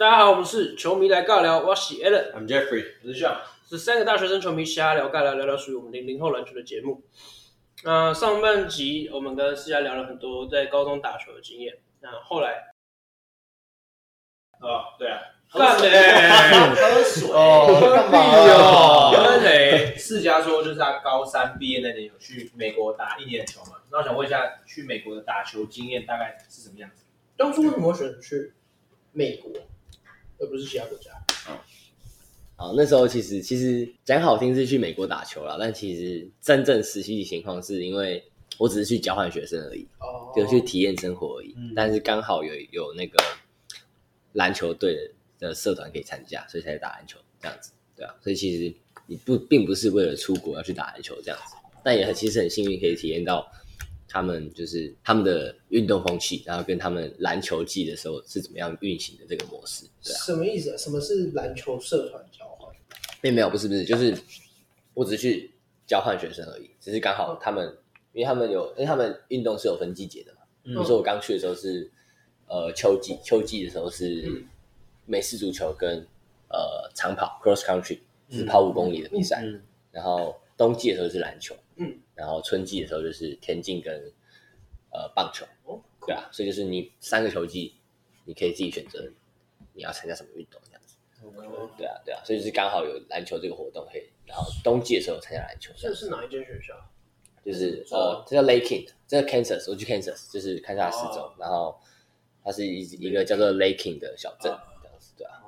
大家好，我們是球迷來尬聊，我是 Alan，I'm Jeffrey，我是 John，是三個大學生球迷瞎聊尬聊，聊聊屬於我們零零後籃球的節目。那、呃、上半集我們跟世加聊了很多在高中打球的經驗，那後來，啊、哦、對啊美，喝水，喝水，喝命哦，喝水。哦啊哦哦、世加說就是他高三畢業那年有去美國打一年球嘛，那我想問一下，去美國的打球經驗大概是什麼樣子？當初為什麼會選擇去美國？而不是其他國家。哦，那時候其實其實講好聽是去美國打球啦，但其實真正實際情況是因為我只是去交換學生而已，哦、就去體驗生活而已。嗯、但是剛好有有那個籃球隊的社團可以參加，所以才打籃球這樣子，對啊。所以其實你不並不是為了出國要去打籃球這樣子，但也很其實很幸運可以體驗到。他們就是他們的運動風氣，然後跟他們籃球季的時候是怎麼樣運行的這個模式？對啊、什麼意思、啊？什麼是籃球社團交換？沒有，不是，不是，就是我只是去交換學生而已。只是剛好他們、哦，因為他們有，因為他們運動是有分季節的嘛。比、嗯、如說我剛去的時候是呃秋季，秋季的時候是美式足球跟、嗯、呃長跑 （cross country） 是跑五公里的比賽、嗯嗯，然後冬季的時候是籃球。嗯。然後春季的時候就是田徑跟呃棒球，Oh, cool. 對啊，所以就是你三個球季，你可以自己選擇你要參加什麼運動這樣子。Okay. 對啊對啊，所以就是剛好有籃球這個活動可以。然後冬季的時候有參加籃球這樣子。這是哪一間學校？就是呃，這、oh. 哦、叫 Lakin，這個 Kansas，我去 Kansas，就是堪薩斯州，然後它是一一個叫做 Lakin 的小鎮、oh. 這樣子，對啊。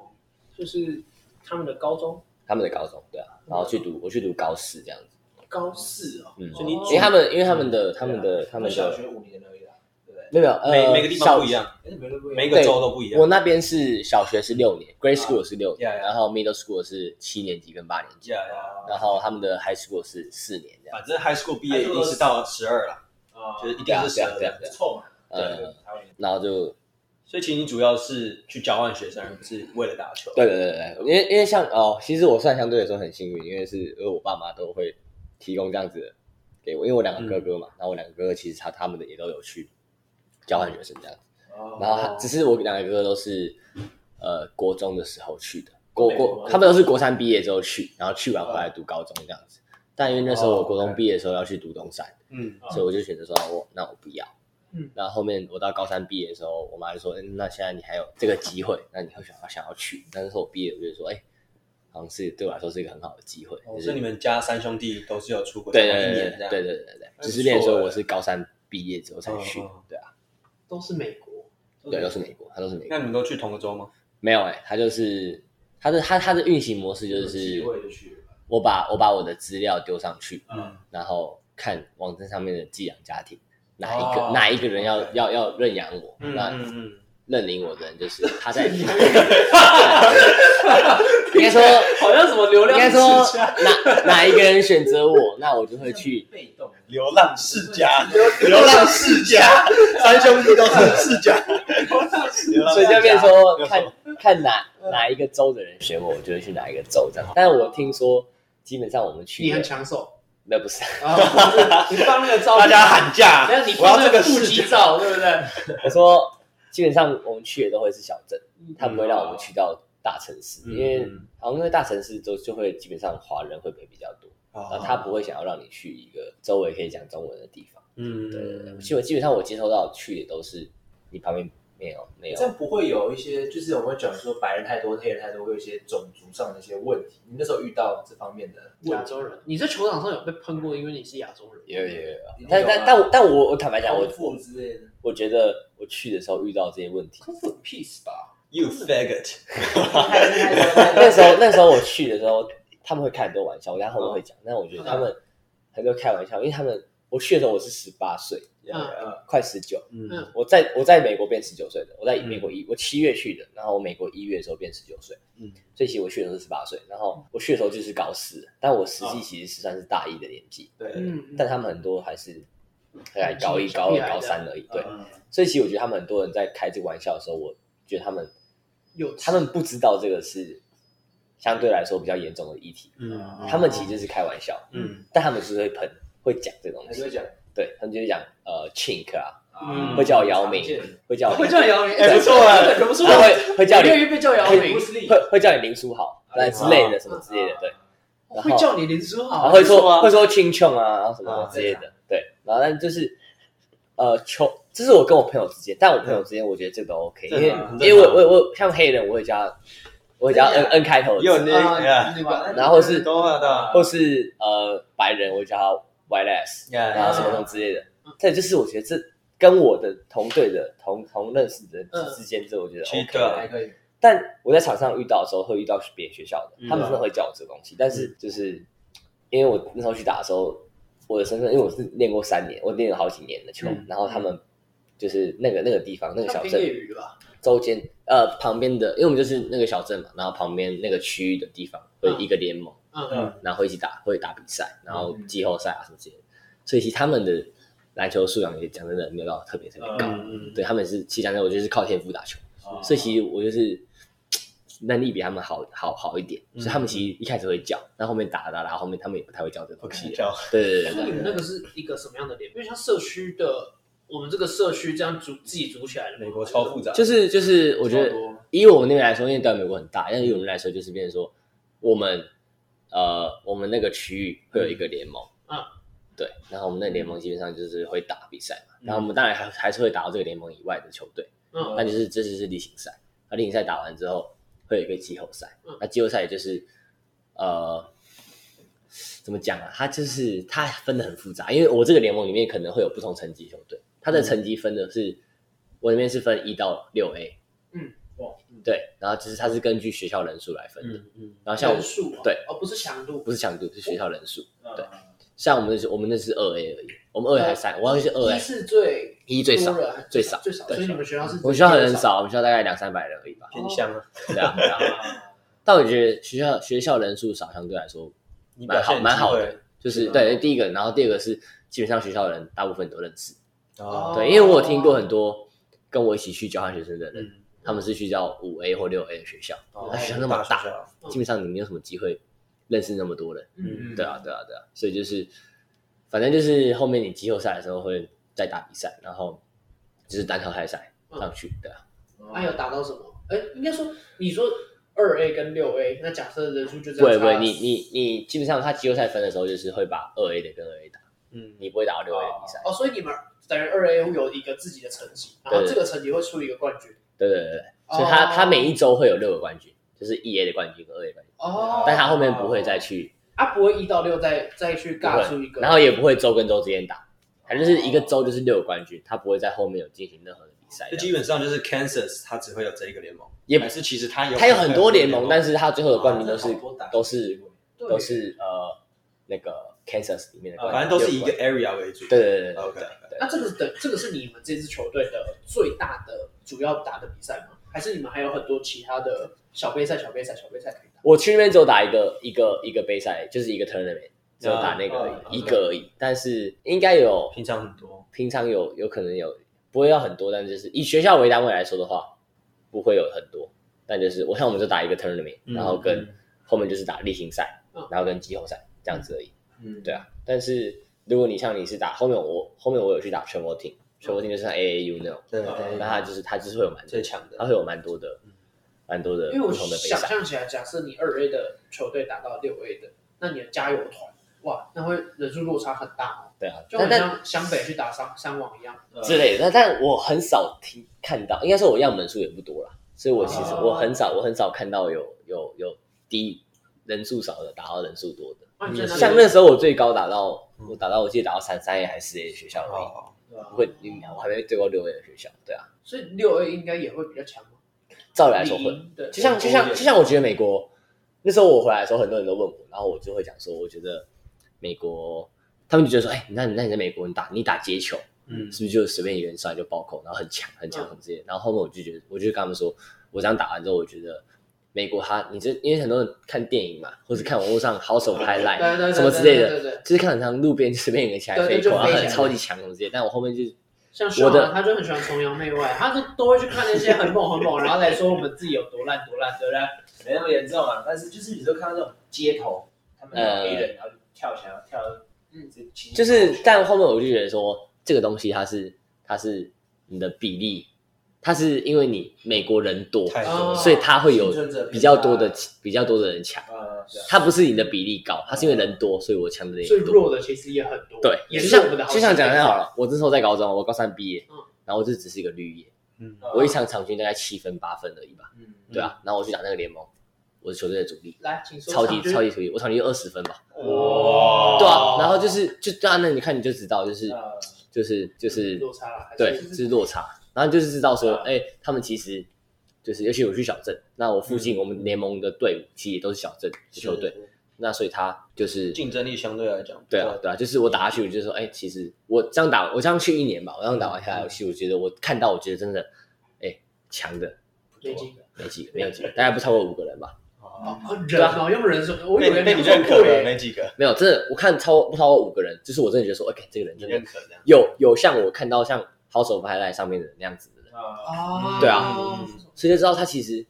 就是他們的高中？他們的高中，對啊。然後去讀，我去讀高四這樣子。高四哦，嗯、所以你，因、哦、為、欸、他們，因為他們的，他們的，啊、他們小學五年而已啦，對不對？沒有、呃，每每個地方不一樣，每個州都不一樣。都不一樣，我那邊是小學是六年、啊、，Grade School 是六年、啊，然後 Middle School 是七年級跟八年級，啊、然後他們的 High School 是四年，啊四年啊、這樣。反、啊、正 High School 畢業、啊啊、一定是到十二啦，就是一定是這樣這樣這樣，湊嘛、啊啊啊啊啊啊啊啊啊，嗯對對對對對對，然後就，所以其實你主要是去交換學生、嗯，是為了打球？對對對對，因為因為像哦，其實我算相對來說很幸運，因為是，因為我爸媽都會。提供這樣子給我，因為我兩個哥哥嘛，然、嗯、後我兩個哥哥其實他他們的也都有去交換學生這樣子、哦，然後他只是我兩個哥哥都是呃國中的時候去的，國國他們都是國三畢業之後去，然後去完回來讀高中這樣子。但因為那時候我國中畢業的時候要去讀東山，嗯、哦，okay. 所以我就選擇說我那我不要，嗯，那後，後面我到高三畢業的時候，我媽就說、欸，那現在你還有這個機會，那你會想要想要去但是我畢業我就說，哎、欸。好像是對我來說是一個很好的機會。就是哦、是你們家三兄弟都是有出國、就是、對對對對對對對，只、就是那時候我是高三畢業之後才去，對、嗯、啊、嗯，都是美國，對都是美國，他都是美國。那你們都去同個州嗎？沒有哎、欸，他就是他的他他的運行模式就是、嗯、我把我把我的資料丟上去，嗯，然後看網站上面的寄養家庭哪一個、哦、哪一個人要要要認養我，嗯、那。嗯嗯。認領我的人就是他在你面。 應該說，好像什麼流量。應該說，哪哪一個人選擇我，那我就會去流浪。被動。流浪世家。流浪世家。三兄弟都是世、世、世、世、世家。所以就變成說，看看哪哪一個州的人選我，我就會去哪一個州這樣。但是我聽說，基本上我們去。你很搶手。那不是、哦。 你放那個照。大家喊價。要我要這那個腹肌照，對不對？我說。基本上我們去的都會是小鎮，他不會讓我們去到大城市，嗯哦、因為好像、嗯啊、因為大城市都就會基本上華人會比較多，哦、然後他不會想要讓你去一個周圍可以講中文的地方，嗯，對對對、對，基本基本上我接收到的去的都是你旁邊。沒有，沒有，這樣不會有一些，就是我們會講說白人太多，黑人太多，會有一些種族上的一些問題。你那時候遇到這方面的亞洲人，你在球場上有被噴過，因為你是亞洲人，有有也有。有有啊、但但、啊、但我我坦白講，我，我覺得我去的時候遇到這些問題，peace 吧，you faggot。 那時候那時候我去的時候，他們會開很多玩笑，我然後面會講、嗯，但我覺得他們很多開玩笑，因為他們我去的時候我是十八歲。Yeah, yeah, yeah. Uh, uh, 快十九。嗯、mm.，我在我在美國變十九歲的。我在美國一，hmm. 我七月去的，然後我美國一月的時候變十九歲。嗯、um.，所以其實我去的時候是十八歲，然後我去的時候就是高四，但我實際其實是算是大一的年紀。Uh. 對，對,對、mm.，但他們很多還是還高一、高二、高三而已。對，uh. 所以其實我覺得他們很多人在開這個玩笑的時候，我覺得他們、yeah. 他，他們不知道這個是相對來說比較嚴重的議題。嗯、mm. uh.，他們其實是開玩笑。嗯、uh, uh.，但他們是，是會噴，會講這東西。 嗯 對他們就會講呃 chink 啊、嗯，會叫姚明，會叫會叫姚明，哎不錯哎，會會叫你被 對、 啊、叫姚明，不是你， 會會,會叫你林書豪來、啊、之類的、啊、什麼之類的，對，啊、然後會叫你林書豪、啊啊，會說,說、啊、會說 ching chong 啊，然後什麼之類的，啊對,啊、對，然後但就是呃，窮，這是我跟我朋友之間，但我朋友之間我覺得這都 OK，、嗯、因為因為我我我像黑人我會加，我會加 n n、啊、開頭，有啊 yeah. 然後是或是呃白人我會叫。y l s 然後什麼什麼之類的，再就是我覺得這跟我的同隊的同同認識的之間、呃，這我覺得 OK，還可以。但我在場上遇到的時候，會遇到別的學校的、嗯啊，他們真的會叫我這個東西。但是就是因為我那時候去打的時候，嗯、我的身份因為我是練過三年，我練了好幾年的球、嗯，然後他們就是那個那個地方那個小鎮周間，呃旁邊的，因為我們就是那個小鎮嘛，然後旁邊那個區域的地方會、嗯、一個聯盟。嗯嗯，然後一起打，會打比賽，然後季後賽啊什麼之類的。嗯、所以其實他們的籃球素養也講真的沒有到特別特別高。嗯、對，他們是其實講真，我就是靠天賦打球、嗯。所以其實我就是能、嗯、力比他們好好好一點。所以他們其實一開始會教，但後，後面打打打，打然後，後面他們也不太會教這個東西了。嗯、對對對，對，對，對，對，對，對，對。你們那個是一個什麼樣的點？因為像社區的，我們這個社區這樣組自己組起來的美國超複雜。就是就是，我覺得以我們那邊來說，因為對美國很大，但是以我們來說就是變成說、嗯、我們。呃，我們那個區域會有一個聯盟，嗯，對，然後我們那個聯盟基本上就是會打比賽嘛，嗯、然後我們當然還還是會打到這個聯盟以外的球隊，嗯，那就是這就是例行賽，那例行賽打完之後會有一個季後賽、嗯，那季後賽也就是，呃，怎麼講啊？他就是他分的很複雜，因為我這個聯盟裡面可能會有不同層級球隊，他的層級分的是、嗯、我裡面是分一到六 A，嗯。哦、嗯，對，然後其實它是根據學校人數來分的，嗯，嗯然後像我們人數、啊、對，哦，不是強度，不是強度，哦、是學校人數，對，嗯、像我們是我們那是二 A 而已，我們二 A 還三，我要是二 A 是最一最少最少最少，最少，所以你們學校是？我們學校人少，少我們學校大概兩三百人而已吧，很、哦、香啊，對啊，對啊 但我覺得學校學校人數少相對來說蠻好蠻好的，就是，是對第一個，然後第二個是基本上學校的人大部分都認識哦，哦，對，因為我有聽過很多跟我一起去交換學生的人、嗯。嗯他們是去叫五 A 或六 A 的學校，哎、哦，啊、學校那麼大，啊大啊嗯、基本上你沒有什麼機會認識那麼多人。嗯對、啊，對啊，對啊，對啊，所以就是，反正就是後面你季後賽的時候會再打比賽，然後就是單淘汰賽上去、嗯，對啊。那、啊、有打到什麼？哎、欸，應該說你說二 A 跟六 A，那假設人數就這樣。對對，你你你基本上他季後賽分的時候就是會把二 A 的跟二 A 打，嗯，你不會打到六 A 的比賽、哦。哦，所以你們等於二 A 會有一個自己的成績，然後這個成績會出一個冠軍。對，對對對，oh. 所以他他每一周會有六個冠軍，就是一 A 的冠軍和二 A 冠軍哦，oh. 但他後面不會再去，他、oh. 不會一到六再再去尬出一個。然後也不會周跟周之間打，反、oh. 正是一個周就是六個冠軍，他不會在後面有進行任何的比賽這。就基本上就是 Kansas，他只會有這一個聯盟，也不是，其實他有他有，有很多聯盟，但是他最後的冠軍都是、啊、都是都是呃那個 Kansas 裡面的，冠軍。反、啊、正都是一個 Area 為主。對對對對，對，對，對，OK 對對。Okay. 那這個等，這個是你們這支球隊的最大的。主要打的比賽嗎？還是你們還有很多其他的小杯賽、小杯賽、小杯賽可以打？我去那邊只有打一個、一個、一個杯賽，就是一個 tournament，uh, 只有打那個 uh, uh, uh, 一個而已。但是應該有平常很多，平常有有可能有，不會要很多，但就是以學校為單位來說的話，不會有很多。但就是，我像我們就打一個 tournament，嗯，然後跟後面就是打例行賽，嗯，然後跟季後賽這樣子而已。嗯，對啊。但是如果你像你是打後面我後面我有去打全國挺。說不定就是像 AAU 那種，對對對，那他就是他就是會有蠻強的，的，他會有蠻多的，嗯、蠻多的。因為從想象起來，假設你二 A 的球隊打到六 A 的，那你的加油團哇，那會人數落差很大哦。對啊，就好像湘北去打三三王一樣之類的。那但，但我很少聽看到，應該說我樣本數也不多了，所以我其實我很少我很少看到有有有，有低人數少的打到人數多的、嗯。像那時候我最高打到、嗯、我打到，我記得打到三三 A 還是四 A 學校而已。哦。不會，因為我還沒對過六 A 的學校，對啊，所以六 A 應該也會比較強嗎？照理來說會，對，就像就像就像我覺得美國那時候我回來的時候，很多人都問我，然後我就會講說，我覺得美國，他們就覺得說，哎、欸，那你那你在美國，你打你打街球，嗯，是不是就隨便一個人上來就暴扣，然後很強很強很這些，然後後面我就覺得我就跟他們說，我這樣打完之後，我覺得。美國哈，你這因為很多人看電影嘛，或者看網絡上好手拍爛、嗯、什麼之類的，就是看很多路邊就隨便一個起來可以扣啊，對對對對就然後超級強這些。但我後面就是像說啊，他就很喜歡崇洋媚外，他就都會去看那些很猛很猛，然 後來說我們自己有多爛多爛，對不對？沒那麼嚴重啊，但是就是有時候看到那種街頭呃黑人、嗯、然後就跳起來跳，嗯就情，就是，但後面我就覺得說這個東西它是它是你的比例。它是因為你美國人多，太多所以它會有比較多的、啊、真的，真的比較多的人搶。啊是，它不是你的比例高，它是因為人多，所以我搶的最多。所以弱的其實也很多。對，也是像就像講下好，好了，我那時候在高中，我高三畢業，嗯，然後我就只是一個綠葉，嗯，我一場場均大概七分八分而已吧，嗯，對啊，然後我去打那個聯盟，我是球隊的主力，來，超級超級主力，我場均二十分吧，哇、哦，對啊，然後就是就在那你看你就知道，就是、嗯、就是、就是嗯、對就是落差，是就是、對，就是落差。然後就是知道說，哎、啊，欸，他們其實就是，尤其我去小鎮，嗯、那我附近我們聯盟的隊伍其實也都是小鎮、嗯、球隊，那所以他就是競爭力相對來講，對啊，對啊，就是我打下去，我就說，哎、欸，其實我這樣打，我這樣去一年吧，我這樣打完下遊戲、嗯，我覺得我、嗯、我看到，我覺得真的，哎、欸，強的沒幾個，沒幾個，沒有幾， 幾，幾個，大概不超過五個人吧，啊，對啊，用人說我有人認可耶、啊，沒幾個，沒有，這我看超不超過五個人，就是我真的覺得說，OK，這個人真認可的，有有像我看到像。好手拍在上面的那樣子的人啊，oh. 對啊，oh. 所以就知道他其實，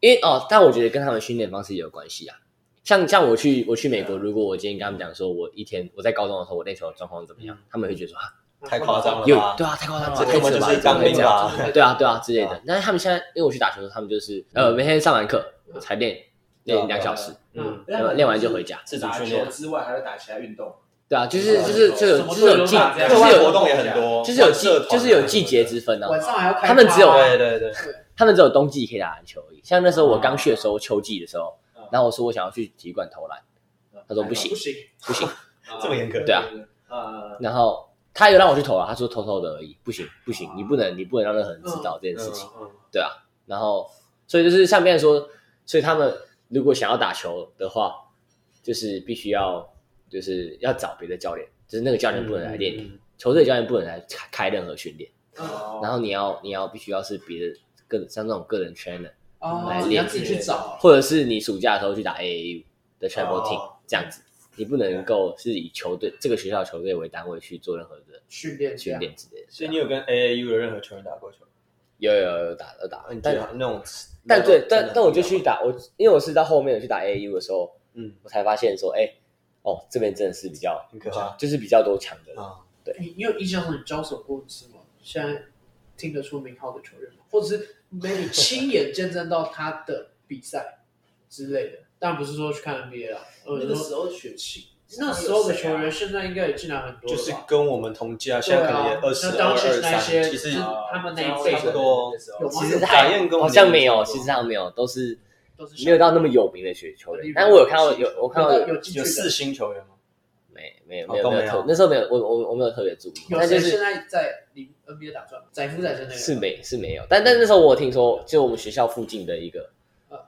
因為哦、喔，但我覺得跟他們訓練方式也有關係啊。像像我去我去美國，yeah. 如果我今天跟他們講說，我一天我在高中的時候我練球的狀況怎麼樣，yeah. 他們會覺得說啊太誇張了吧？對啊，太誇張、yeah. 了，太誇張對啊對啊，對啊、yeah. 之類的。但是他們現在因為我去打球的時候，他們就是、yeah. 呃每天上完課、yeah. 才練練兩小時，yeah. 嗯，練完就回家，打球之外還要打其他運動。對啊，就是、哦就是那個、就是有，就是有季、就是有活動也很多，就是有季就是有季節、就是、之分啊。晚上還要開、啊、他們只有對對對，對， 他們只有冬季可以打籃球而已。像那時候我剛去的時候，秋、啊、季的時候，然後我說我想要去體育館投籃、啊，他說不行不行、啊、不行，不行啊、這麼嚴格。對啊，對對對啊然後他又讓我去投了，他說偷偷的而已，不行不行、啊，你不能你不能讓任何人知道這件事情，啊嗯嗯嗯、對啊。然後所以就是上面說，所以他們如果想要打球的話，就是必須要。嗯就是要找別的教練，就是那個教練不能來練，嗯、球隊教練不能來開，開任何訓練。哦。然後你要你要必須要是別的個像那種個人 trainer 哦來練。你要自己去找。或者是你暑假的時候去打 AAU 的 travel、哦、team 這樣子，你不能夠是以球隊、啊、這個學校球隊為單位去做任何的訓練訓練之類的。所以你有跟 AAU 有任何球員打過球？有有有打有打，但但但，但，但我就去打我，因為我是到後面去打 AAU 的時候，嗯，我才發現說，哎、欸。哦，這邊真的是比較，就是比較多強的啊、嗯。對，你你有印象你交手過什麼現在聽得出名號的球員嗎？或者是沒有親眼見證到他的比賽之類的？ 但不是說去看 NBA 了。那個時候選星、啊，那時候的球員現在應該也進來很多。就是跟我們同屆，現在可能也二十二三。當是那些 23, 其實他們那一輩多有有，其實展燕跟我好像沒有，其實上沒有，都是。沒有到那麼有名的學球員，但我有看到有我看到有有四星球員嗎？沒，沒有，沒有，沒有，那時候沒有，我我我沒有特別注意。但就是、現在在 NBA 打轉，載夫仔生那個是沒是沒有，但但那時候我聽說，就我們學校附近的一個、嗯、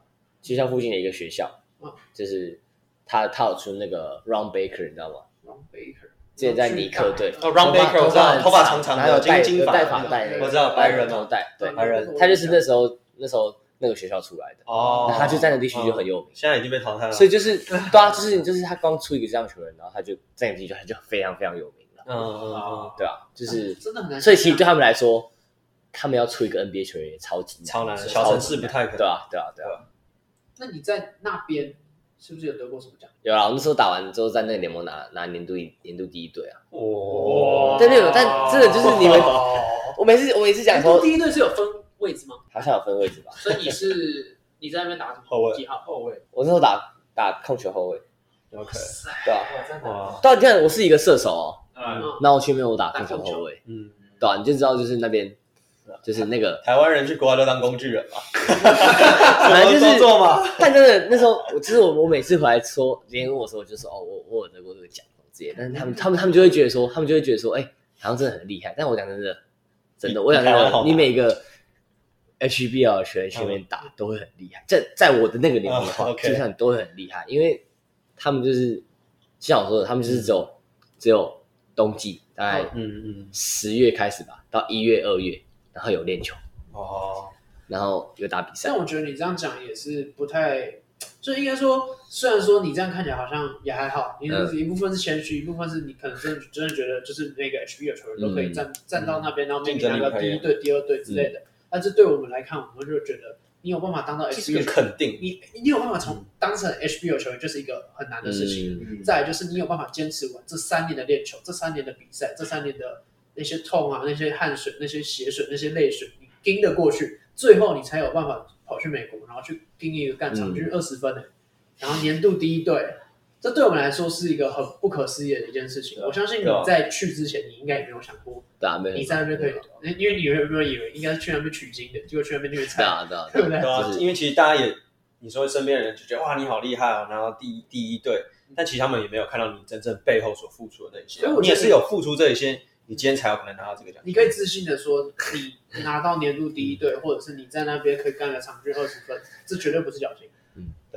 學校附近的一個學校，嗯、就是他他有出那個 Ron Baker，你知道嗎？Ron Baker，之前在尼克、哦、對哦 Ron,、oh,，Ron Baker，我知道，頭髮長頭髮長的，還有金金髮帶的、嗯嗯。我知道白人嘛、啊、帶，對，白人。他就是那時候那時候。那個學校出來的，哦，他就在那地區就很有名。哦，現在已經被淘汰了。所以就是，對啊，就是，就是他剛出一個這樣球員，然後他就在那地區他就非常非常有名了。嗯嗯嗯，對啊，嗯、對啊啊就是、啊，真的很難。所以其實對他們來說，他們要出一個 NBA 球員，也超，難超級超難，小城市不太可能。對啊，對啊，對啊。對啊對，那你在那邊是不是有得過什麼獎？有啊，我那時候打完之後，在那個聯盟拿拿年度年度第一隊啊。哦。真的有，但真的就是你們、哦，我每次我每次講說第一隊是有分位置嗎？好像有分位置吧。所以你是你在那邊打什麼 後衛？幾號後衛？我那時候打打控球後衛。OK 對、啊啊哦。對啊，我在打。但你看，我是一個射手哦。嗯。那我前面我打控球後衛。嗯。對啊，你就知道就是那邊、啊，就是那個台灣人去國外都當工具人 工嘛。本來就是做嘛。 但真的那時候，我其實我我每次回來說別人跟我說我就是哦，我我有得過這個獎，但是他們他們他們就會覺得說，他們就會覺得說，哎、欸，好像真的很厲害。但我講真，真的，真的，我講真的，你每個。H B L 球員面打都會很厲害，在在我的那個年齡的話，基本上都會很厲害，哦 okay，因為他們就是像我說的，他們就是只有、嗯、只有冬季，大概嗯嗯十月開始吧，哦、嗯嗯到一月二月，然後有練球哦，然後有打比賽。但我覺得你這樣講也是不太，就應該說，雖然說你這樣看起來好像也還好，因、嗯、為一部分是謙虛，一部分是你可能真的真的覺得就是每個 H B L 球員都可以站、嗯、站到那邊，然後面對那個第一隊、嗯、第二隊之類的。嗯但是對我們來看，我們就覺得你有辦法當到 H B，、這個、肯定你你有辦法從當成 H B 的球員，就是一個很難的事情。嗯、再來就是你有辦法堅持完這三年的練球，這三年的比賽，這三年的那些痛啊，那些汗水，那些血水，那些淚水，你撐得過去，最後你才有辦法跑去美國，然後去盯一個干場均二十分的、嗯，然後年度第一隊。這對我們來說是一個很不可思議的一件事情。啊、我相信你在去之前，你應該也沒有想過，啊、你在那邊可以、啊，因為你有沒有以為應該是去那邊取經的，結果去那邊就是慘。對、啊、對。因為其實大家也，你說身邊的人就覺得哇，你好厲害哦、啊，然後第一第一隊，但其實他們也沒有看到你真正背後所付出的那些。所以你，你也是有付出這一些，你今天才有可能拿到這個獎。你可以自信的說，你拿到年度第一隊，嗯、或者是你在那邊可以幹個場均二十分，嗯，這絕對不是僥幸。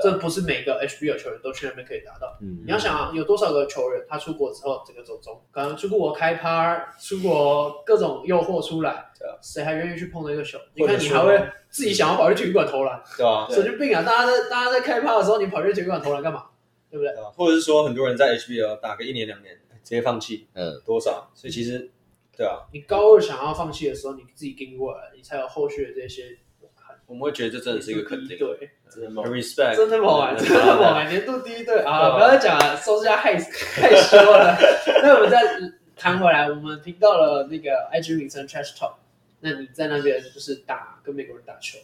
這不是每個 HBL 球員都去那邊可以達到。嗯，你要想啊，有多少個球員他出國之後，整個走中可能出國開趴，出國各種誘惑出來，對啊，誰還願意去碰那個球？你看你還會自己想要跑去體育館投籃，對啊，神經病啊！大家在大家在開趴的時候，你跑去體育館投籃幹嘛？對不對？對或者是說，很多人在 HBL 打個一年兩年，直接放棄，嗯，多少？所以其實，嗯、對啊，你高二想要放棄的時候，你自己跟過來了，你才有後續的這些。我我們會覺得這真的是一個肯定，對。真的不好、嗯、好玩，真的不好，好，好玩。年度第一隊很好啊，不要再講了，收是要害害羞了。 那我們再談回來，我們聽到了那個 IG 名稱 Trash Talk，那你在那邊就是打跟美國人打球，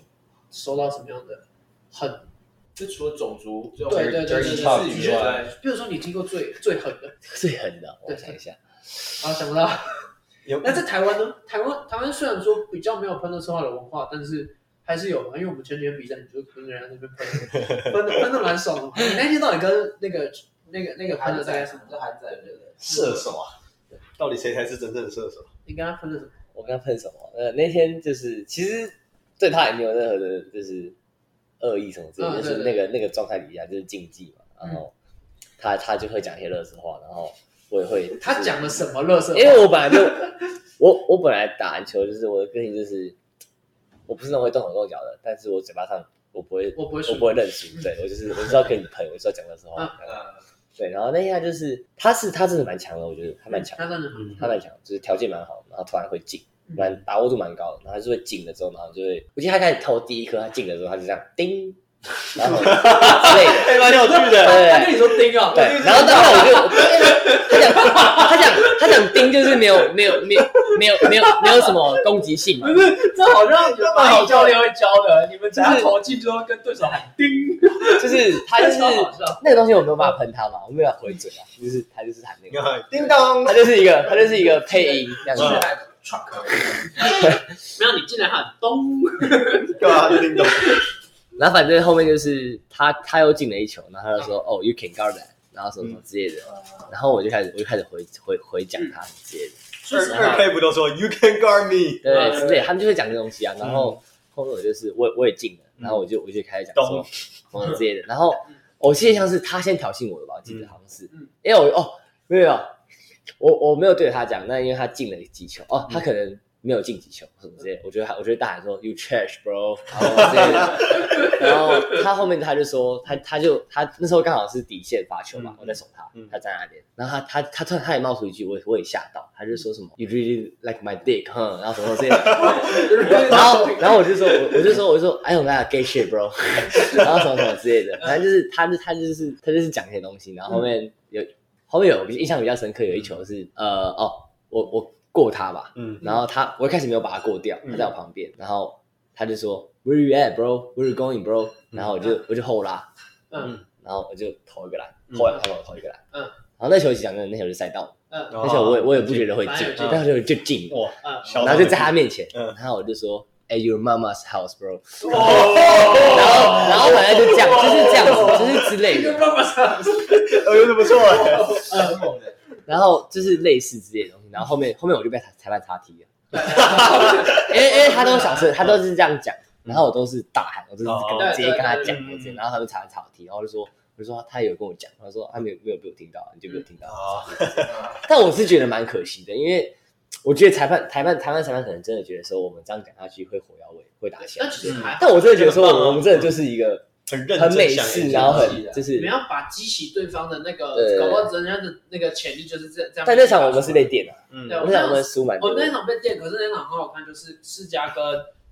收到什麼樣的狠？就除了種族，對對對，對對對 Dirty，就是比如說你聽過最最狠的，最狠的，我想一下然後想不到。那在台灣呢？ 台灣台灣雖然說比較沒有噴到策劃的文化，但是。還是有嘛，因為我們全權比賽，你就跟人家那邊噴，噴噴的蠻爽的。那 天、欸、到底跟那個那個那個噴的在什麼？就還在，對不對？射手啊，對對，到底誰才是真正的射手？你跟他噴的什麼？我跟他噴什麼？呃，那天就是其實對他也沒有任何的就是惡意什麼之類，嗯、對對對，就是那個那個狀態底下就是競技嘛。然後他、嗯、他就會講一些垃圾話，然後我也會、就是、他講了什麼垃圾話？因為我本來就 我我本來打籃球就是我的個性就是。我不是那種會動手動、動腳的，但是我嘴巴上我不會，我不會，我不會認輸。 對，我就是，我知道可以噴，我知道講的時候。 然後 對，然後那一下、啊、就是，他是他真的蠻強的，我覺得他蠻強。他蠻強，就是條件蠻好，然後突然會進，蠻把握度蠻高的，然後他就會進了之後，然後就會，我記得他開始投第一顆他進的時候，他就這樣，叮。對， 還蠻有趣的。對，他對你說叮啊、對對，然後當時我就，他 講、欸，他講，他講，他講叮就是沒有，沒有，沒有，沒有，沒有，沒有什麼攻擊性。不是，這好像蠻好，這教練會教的。你們只要投進，之後跟對手喊叮。就是，他就是，是那個東西，我沒有辦法噴他嘛， 我沒有回嘴嘛，就是他就是喊那個 叮咚，他就是一個， 他就是一個配音樣子。沒有，你 進來喊咚，對啊， 叮咚。然後反正後面就是他他又進了一球，然後他就說哦、啊 oh,，you can guard that，然後什麼什麼之類的、嗯，然後我就開始我就開始回回回講他、嗯、之類的。二二 K 不都說 you can guard me，對，之、嗯、類，他們就會講這東西啊。然後、嗯、後面我就是我我也進了，然後我就我就開始講什麼什麼之類的。然後我、嗯哦、現在像是他先挑釁我的吧，我記得好像是，嗯、因為我哦沒有，我我沒有對他講，那因為他進了幾球哦，他可能。嗯沒有進幾球什麼之類的，我覺得我覺得大喊說 You trash bro，然後 這，然後他後面他就說他他就他那時候剛好是底線發球嘛，嗯、我在守他，嗯、他站在那邊，然後他他他，他突然他也冒出一句，我我也嚇到，他就說什麼、嗯、You really like my dick 哼，然後什麼什麼之類的，然後然後我就說我我就說我就說哎我們倆 gay shit bro，然後什麼什麼之類的，反正就是他他就是他就是講一些東西，然後後面有、嗯、後面有印象比較深刻、嗯、有一球是呃哦我我。我過他吧，嗯，然後他我一開始沒有把他過掉，嗯、他在我旁邊，然後他就說 Where are you at, bro? Where are you going, bro? 然後我就、嗯、我就後拉、嗯，嗯，然後我就投一個籃，後來他幫我投一個籃，嗯，然後那球候講的那球就賽道，嗯，時候我也我也不覺得會進、啊，就進、啊，然後就在他面前，嗯，然後我就說，哎，At your mama's house, bro。然後、啊、然後本來就，就這樣，就是這樣，就是之類的有什麼我錯， 然後就是類似之類的東西，然後後面後面我就被裁判擦踢了，因 為 因為他都是他都是這樣講， 然後我都是大喊，我都是直接跟他講，oh, 然後他們裁判插踢，um, 然後我就說，比如說他有跟我講，他說他沒有沒有被我聽到，你就沒有聽到， 但我是覺得蠻可惜的，因為我覺得裁判裁判裁判裁判可能真的覺得說我們這樣趕下去會火藥味，會打起來， 但我真的覺得說我們這就是一個。很認真想很美，然後很就是、就是、你們要把激起對方的那個，搞不好人家的那個潛力就是這樣。但那場我們是被電了、啊，嗯，對我們那場輸滿。我，我，蠻多我那場被電，可是那場很好，好看，就是世加跟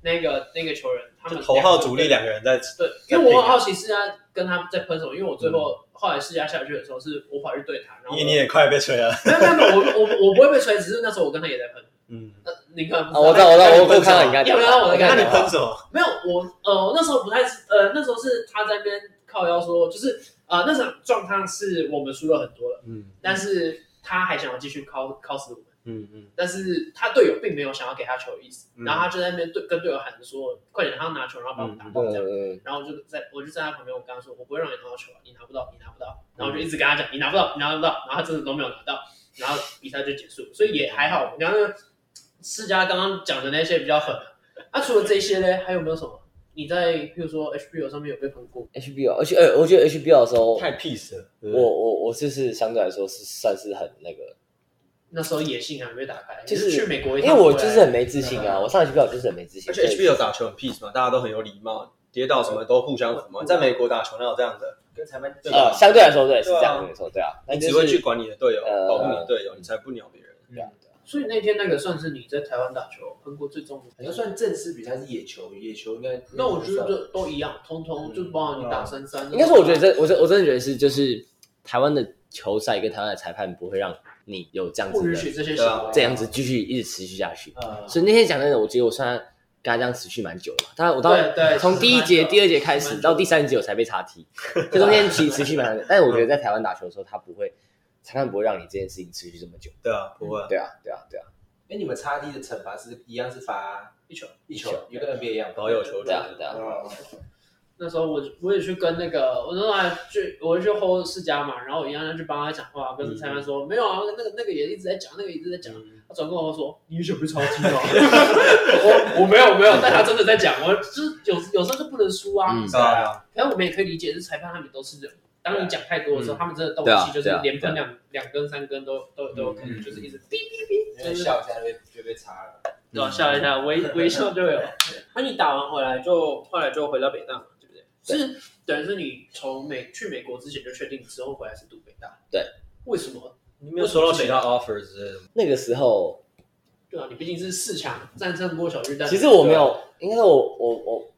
那個那個球員他們就頭號主力兩個人在對，在對，因為我很好奇世加跟他在噴什麼，嗯、因為我最後後來世加下去的時候是我跑去對他，然後因為你也快被吹了，沒有沒有我我我不會被吹， 只是那時候我跟他也在噴，嗯。你，啊我我看你，啊、我看你看，知啊、我知我知我不看，看到我的感你噴什麼？沒有我，呃，我那時候不太，呃，那時候是他在那邊靠腰說，就是呃，那場狀況是我們輸了很多了嗯，嗯，但是他還想要繼續靠靠死我們，嗯嗯，但是他隊友並沒有想要給他球的意思，嗯、然後他就在那邊對跟隊友喊着說、嗯，快點，他要拿球，然後把我們打爆、嗯、這樣，然後我就在我就在他旁邊，我跟他說，我不會讓你拿到球、啊，你拿不到，你拿不到，拿不到、嗯，然後我就一直跟他講，你拿不到，你拿不到，然後他真的都沒有拿到，然後比賽就結束，所以也還好，我後。剛，剛，剛世加剛剛講的那些比較狠，那、啊、除了這些呢，還有沒有什麼？你在比如說 HBL 上面有被噴過？HBL，而且呃，我覺得 HBL 的時候太 peace 了。我我我就是相對來說是算是很那個，那時候野性還沒被打開。其、就、實、是就是、去美國，因為我就是很沒自信啊。嗯、我上 HBL 就是很沒自信。嗯、而且 HBL 打球很 peace 嘛，大家都很有禮貌，跌倒什麼都互相扶嘛、嗯。在美國打球哪有這樣的，跟裁判呃，相對來說對，對、啊、是這樣的對啊那，就是，你只會去管你的隊友，保護你的隊友、嗯，你才不鳥別人。嗯所以那天那個算是你在台灣打球碰過最重的，你要算正式比賽是野球，野球應該。那我覺得都都一樣，通通就包括你打三三，嗯嗯。應該是我覺得這，我真我真的覺得是，就是台灣的球賽跟台灣的裁判不會讓你有這樣子的，不允許這些這樣子繼續一直持續下去。嗯、所以那天講真的，我覺得我算跟他這樣持續蠻久了。他我到從第一節、第二節開始到第三節我才被查踢，這中間持持續蠻久。 但我覺得在台灣打球的時候，他不會。裁判不會讓你這件事情持續這麼久。嗯、對啊，不會、嗯。對啊，對啊，對啊。哎，你們差 D 的懲罰是一樣，是罰一球，一球，就跟 NBA 一樣，保有球權、啊啊啊啊啊啊啊啊。那時候我我也去跟那個，我那時候還去，我就去 hold 世加嘛，然後我一樣要去幫他講話，跟裁判說、嗯、沒有啊，那個那個也一直在講，那個一直在講。他轉過頭說：“ 你是不是超級高、啊？ 我我沒有沒有，但他真的在講，我就是有有時候就不能輸啊，嗯、對啊。哎、啊，我們也可以理解，是裁判他們都是人。當你講太多的時候，嗯、他們真的動氣，就是連分兩兩、嗯、根、三根都、啊、都都可能、嗯，就是一直嗶嗶嗶，嗯、就笑一下就被就被查了。對啊，就笑一下，微微笑就有。那你打完回來就後來就回到北大嘛，對不對？是等於是你從美去美國之前就確定之後回來是讀北大。對，為什麼你沒有收到其他 offers？那個時候，對啊，你畢竟是四強戰勝過小巨蛋，但是其實我沒有，啊、應該是我我我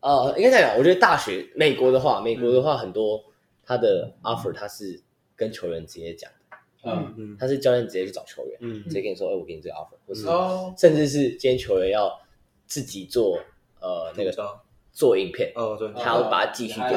呃，應該這樣講，我覺得大學美國的話、嗯，美國的話很多。嗯他的 offer 他是跟球員直接講的，嗯，嗯，他是教練直接去找球員，嗯，直接跟你說，哎、嗯欸，我給你這個 offer、嗯、或是、哦、甚至是今天球員要自己做，呃，那個做影片，哦，對，還要把它繼續給，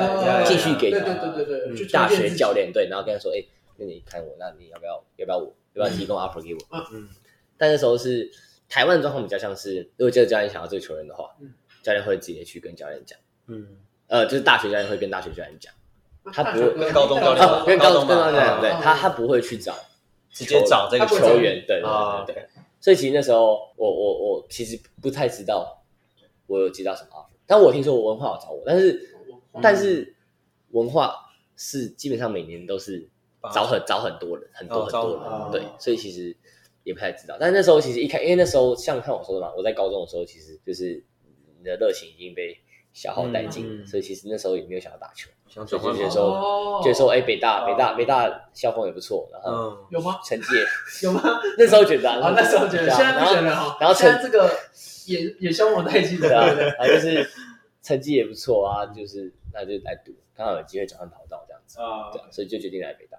繼續給對對對對對大學教練、嗯嗯、大學教練對，然後跟他說，哎、欸，那你看我，那你要不要，要不要我，要不要提供 offer 給我？嗯，嗯，但那時候是台灣的狀況比較像是，如果這個教練想要這個球員的話，嗯、教練會直接去跟教練講，嗯，呃，就是大學教練會跟大學教練講。他不高中高二跟高中，教練，啊跟高中，教練啊、高中嘛對對，啊對啊、他他不會去找，直接找這個球員，對對對，對，對，啊 okay. 所以其實那時候我我我其實不太知道我有接到什麼 offer，但我聽說我文化好找我，但是、嗯、但是文化是基本上每年都是找很、啊、找很多人，很多很多人、啊，對，所以其實也不太知道、啊。但那時候其實一看，因為那時候像看我說的嘛，我在高中的時候其實就是你的熱情已經被。消耗殆盡，所以其實那時候也沒有想要打球，球所以就覺得說，哦、覺得說，哎、欸，北大，北大，哦、北，大北大校風也不錯，然後有嗎？成績有嗎？那時候覺得、啊嗯覺得，那時候覺得，現在覺得哈，然後成現在這個也也消耗殆盡的對、啊對對對，然後就是成績也不錯啊，就是那就來讀，剛好有機會轉換跑道這樣子，這、哦、樣，所以就決定來北大，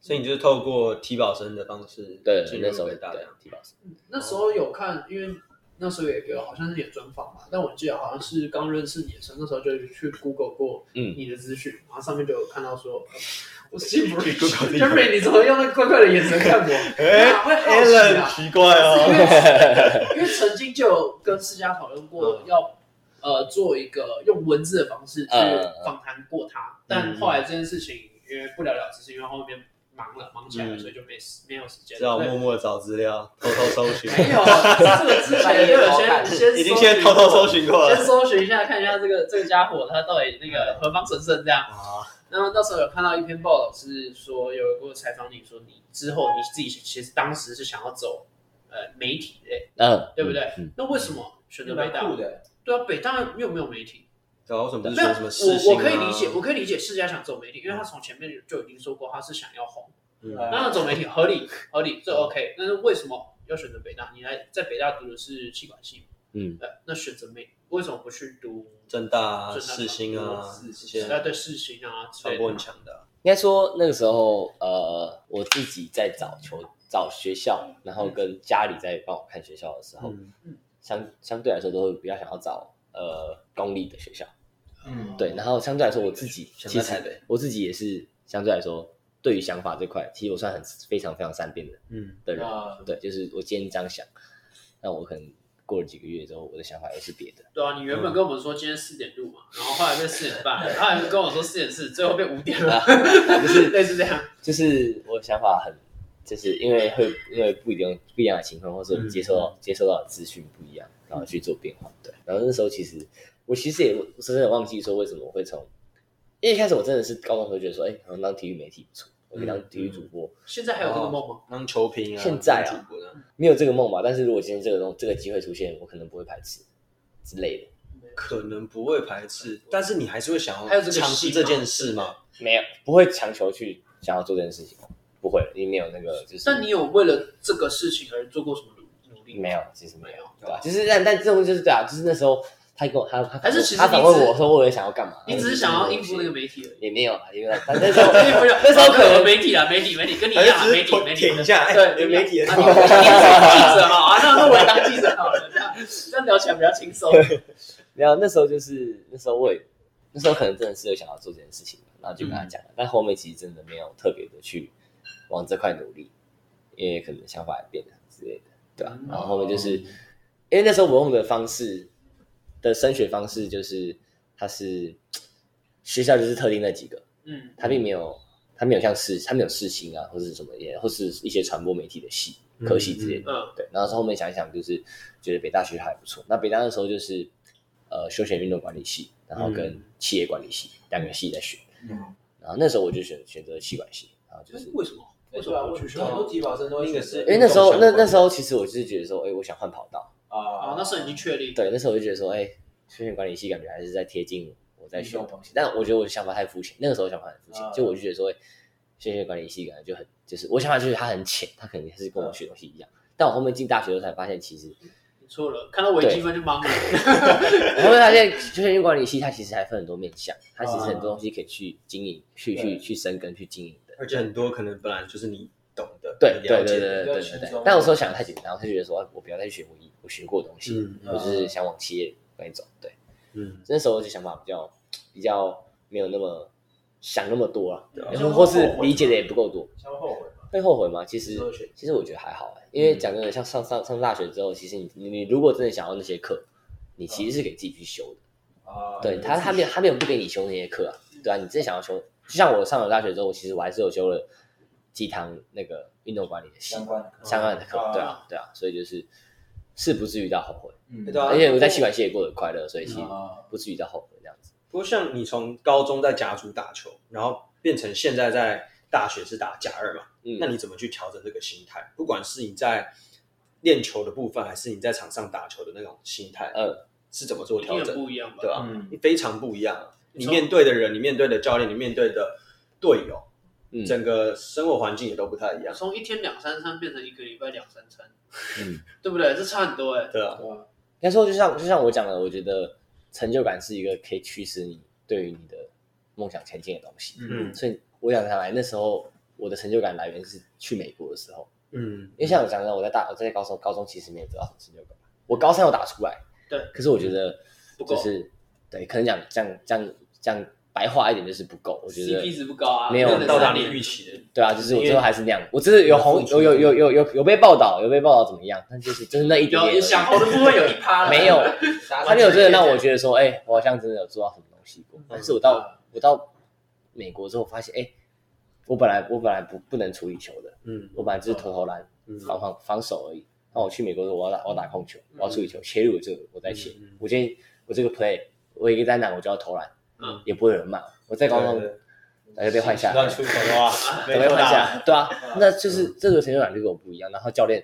所以你就是透過體保生的方式、嗯就，對，那時候來體保生、嗯，那時候有看，因為。那時候也有，好像是演專訪嘛，但我記得好像是剛認識你的時候，那時候就去 Google 過你的資訊、嗯，然後上面就有看到說， 呃、我是不是 Jerry，你怎麼用那怪怪的眼神看我？哎、 啊，奇怪哦，因為曾經就有跟世加討論過要，嗯、呃、做一個用文字的方式去訪談過他，但後來這件事情因為不了了之，是因為後面。忙了，忙起來了，所以就沒、嗯、沒有時間，只好默默找資料，偷偷搜尋。 沒有這個之前也有先 先，先已經先偷偷搜尋過了，先搜尋一下，看一下這個這個家伙他到底那個何方神聖這樣啊。那麼到時候有看到一篇報道，是說有一個採訪你說你之後你自己其實當時是想要走、呃、媒體的、欸，嗯，對不對？嗯嗯、那為什麼選擇北大？對啊，北大又沒有媒體。啊什麼什麼啊、沒有，我我可以理解，我可以理解世加想走媒體，因為他從前面就已經說過，他是想要紅，那、嗯、走媒體合理合理這 OK、嗯。但是為什麼要選擇北大？你來在北大讀的是企管系，嗯，呃、那選擇沒為什麼不去讀政大、政大世新啊？現在對，世新啊，傳播很強的。應該說那個時候，呃，我自己在找求找學校，然後跟家裡在幫我看學校的時候，相、嗯、相對來說都會比較想要找呃公立的學校。嗯、哦，對，然後相對來說，我自己對對其實我自己也是相對來說，對於想法這塊，其實我算很非常非常善變的，嗯，的人，對，就是我今天這樣想，那我可能過了幾個月之後，我的想法也是別的。對啊，你原本跟我們說今天四點錄嘛，嗯，然後後來變四點半，後來跟我說四點四， 最後變五點了，對 就是類似 這樣，就是我的想法很，就是因為會因為不一定不一樣的情況，或是接收到、嗯、接收到的資訊不一樣，然後去做變化，對，然後那時候其實。我其實也我深深的忘記說為什麼我會從，因為一開始我真的是高中的時候覺得說，哎、欸，可能當體育媒體，我可以當體育主播、嗯嗯。現在還有這個夢嗎、哦？當球評啊？現在啊，啊沒有這個夢吧？但是如果今天這個東這個機會出現，我可能不會排斥之類的。可能不會排斥，但是你還是會想要還有這個強求這件事嗎？沒有，不會強求去想要做這件事情。不會，你沒有那個，就是但你有為了這個事情而做過什麼努力嗎？沒有，其實沒有，沒有對吧、啊？就是、啊、但但這種就是對啊，就是那時候。他跟我，他他還是其實是他反問我說：“我也想要幹嘛？”你只是想要應付那個媒體而已。也沒有啊，因為他那時候 那時候可能媒體啊，媒體媒體跟你一樣，媒體媒體等一下，對、哎，媒、欸、體、欸欸欸嗯嗯嗯、啊，啊，啊，啊，記者啊，啊，那那我也當記者好了這，這樣聊起來比較輕鬆。然 後那時候就是那時候我也那時候可能真的是有想要做這件事情，然後就跟他講、嗯，但後面其實真的沒有特別的去往這塊努力，因為可能想法也變了之類的，對吧、啊？然後後面就是因為那時候我用的方式。的升學方式就是，他是學校就是特定那幾個，嗯，他並沒有，他沒有像是，他沒有事情啊，或者什麼也，或是一些傳播媒體的系，嗯，科系之類的，嗯，嗯嗯對。然後是後面想一想，就是覺得北大學校還不錯。那北大那時候就是，呃，休閒運動管理系，然後跟企業管理系兩，嗯、個系在選，嗯，然後那時候我就選選擇企管系，然後就是為什麼，啊？為什麼？我舉很多體育生多，應該是，哎，那時候那那時候其實我就是覺得說，哎，欸，我想換跑道。欸啊，哦，那時候已經確立。對，那時候我就覺得說，哎、欸，休閒管理系感覺還是在貼近我，我在學的東西，但我覺得我的想法太膚淺。Uh, 那個時候我想法很膚淺，uh, 就我就覺得說，哎、欸，休、uh, 閒管理系感覺就很就是，我想法就是它很淺，它肯定是跟我學東西一樣。Uh, 但我後面進大學的時候才發現，其實錯了，看到微積分就懵了。 我後面發現休閒管理系它其實還分很多面向，它、uh, 其實很多東西可以去經營、去、uh, 去去深耕，去經營的。而且很多可能本來就是你懂的，對，對對對對對。但我說想的太簡單，我就覺得說，我不要再去學文藝。學過東西，我、嗯、就、啊、是想往企業那邊走，對，嗯，那時候就想法比較比較沒有那麼想那麼多啊，然後或是理解的也不夠多，會後,後悔嗎？其實其實我覺得還好、欸，因為講真的，像上上上大學之後，其實你你,你如果真的想要那些課，你其實是給自己去修的啊，對他他,他沒有他沒有不給你修那些課啊，對啊，你真想要修，就像我上了大學之後，其實我還是有修了幾堂那個運動管理的相相關相關的課，的課啊對啊對啊，所以就是。是不至於到後悔，對、嗯嗯、而且我在西管系也過得快樂、嗯，所以是，不至於到後悔這樣子。不過像你從高中在甲組打球，然後變成現在在大學是打甲二嘛、嗯，那你怎麼去調整這個心態？不管是你在練球的部分，還是你在場上打球的那種心態、嗯，是怎麼做調整？不一樣對吧？你、啊嗯、非常不一樣、啊你。你面對的人，你面對的教練，你面對的隊友。整個生活環境也都不太一樣，嗯、從一天兩三餐變成一個禮拜兩三餐，嗯、 對不對？這差很多哎、欸。對啊，那時候就像就像我講的，我覺得成就感是一個可以驅使你對於你的夢想前進的東西。嗯，所以我想下來，那時候我的成就感來源是去美國的時候。嗯，因為像我講的，我在大我在高中高中其實沒有得到什麼成就感，我高三有打出來。對、嗯。可是我覺得就是不對，可能講這樣這樣這樣。白話一點就是不夠，我覺得沒有沒有 CP 值不高啊，沒有到達你預期的。對啊，就是我最後還是那樣。我只是有紅，有有有有有有被報道，有被報道怎麼樣？但就是就是那一點，點，想紅的部分有一趴了。 沒有，他沒有真的讓我覺得說，哎、欸，我好像真的有做到很多東西過。但是我到我到美國之後發現，哎、欸，我本來我本來不不能處理球的，嗯，我本來只是投投籃、嗯、防防防守而已。那我去美國之後，我要打我打控球，我要處理球、嗯，切入這個我在切、嗯，我今天我這個 play，我一個單打我就要投籃。嗯，也不會有人罵我，在高中對對對大家 大家被換下來。出風被換下，對啊，對啊，那就是、嗯、這個成就感就跟我不一樣。然後教練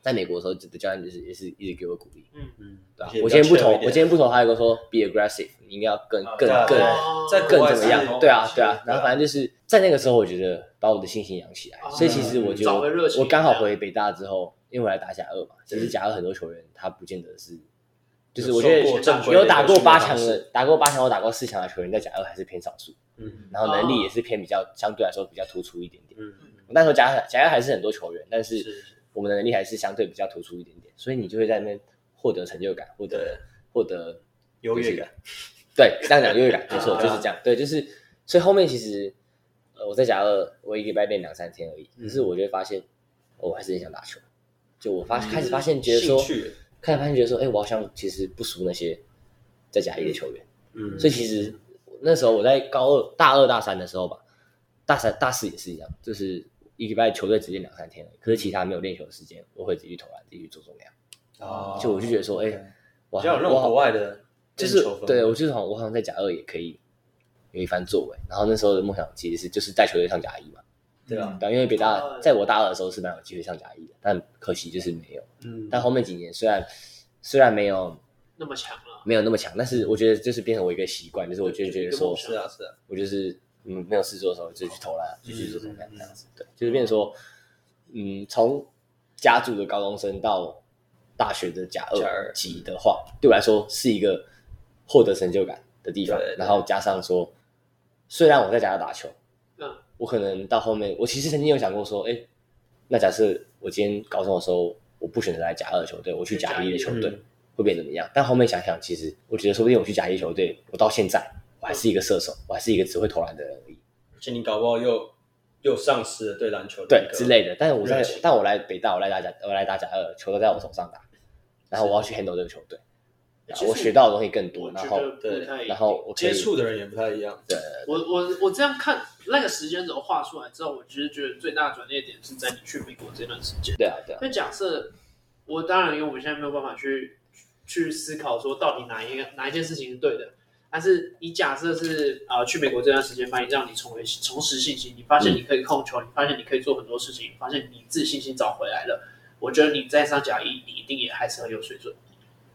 在美國的時候，這教練就是也是一直給我鼓勵，嗯嗯，對啊。我今天不同，我今天不同，還有一個說、嗯、be aggressive，應該要更、啊、更、啊、更、啊更、啊、更怎麼樣？對啊對啊。然後反正就是在那個時候，我覺得把我的信心養起來、啊。所以其實我就、嗯，我剛好回北大之後，因為我來打甲二嘛，其實甲二很多球員他不見得是。就是我覺得有打過八強的，打過八強或打過四強的球員在甲二還是偏少數、嗯，然後能力也是偏比較、啊、相對來說比較突出一點點。嗯嗯。那時候甲甲二還是很多球員，但是我們的能力還是相對比較突出一點點，所以你就會在那邊獲得成就感，獲得獲得、獲得優越感。對，這 樣講優越感沒錯， 就是這樣。啊對、啊、對，就是所以後面其實，呃，我在甲二，我一個禮拜練兩三天而已，嗯，可是我就會發現，哦，我還是很想打球，就我發、嗯、開始發現覺得說。看發現，覺得說，哎、欸，我好像其實不輸那些在甲一的球員，嗯，所以其實那時候我在高二、大二、大三的時候吧，大三、大四也是一樣，就是一禮拜球隊只練兩三天而已，可是其他沒有練球的時間，我會自己投籃、自己去做重量，啊、哦，就我就覺得說，哎、欸，我好像有任何外的、就是、對我就好像在甲二也可以有一番作為，然後那時候的夢想其實是就是帶球隊上甲一嘛。對啊，嗯、對啊，因為北大、嗯，在我大二的時候是蠻有機會上甲一的，但可惜就是沒有。嗯，但後面幾年雖然雖然沒有那麼強了，沒有那麼強，但是我覺得就是變成我一個習慣，就是我就覺得說，是啊，是啊，我就是嗯，沒有事做的時候就去投籃，就、嗯、去做投籃這樣，樣子、嗯。對，就是變成說嗯，嗯，從甲組的高中生到大學的甲二級的話，嗯、對我來說是一個獲得成就感的地方。對對對對，然後加上說，雖然我在甲二打球。我可能到後面，我其實曾經有想過說，哎、欸，那假設我今天高中的時候，我不選擇來甲二球隊，我去甲一的球隊、嗯、會變怎麼樣？但後面想想，其實我覺得說不定我去甲一球隊，我到現在我還是一個射手，我還是一個只會投籃的人而已。而且你搞不好又又喪失了對籃球的熱情，對之類的。但是我在，但我來北大，我來打甲，我來打甲二，球都在我手上打，然後我要去 handle 這個球隊。其實我學到的東西更多，不太然後然後我接觸的人也不太一樣。嗯、對，對，對，我我我這樣看那個時間軸畫出來之後，我其實覺得最大的轉折點是在你去美國這段時間。對啊，對啊。那假設我當然，因為我們現在沒有辦法去去思考說到底哪一個哪一件事情是對的，但是你假設是啊、呃，去美國這段時間，萬一讓你重回重拾信心，你發現你可以控球，嗯，你發現你可以做很多事情，發現你自己信心找回來了，我覺得你在上甲一，你一定也還是很有水準。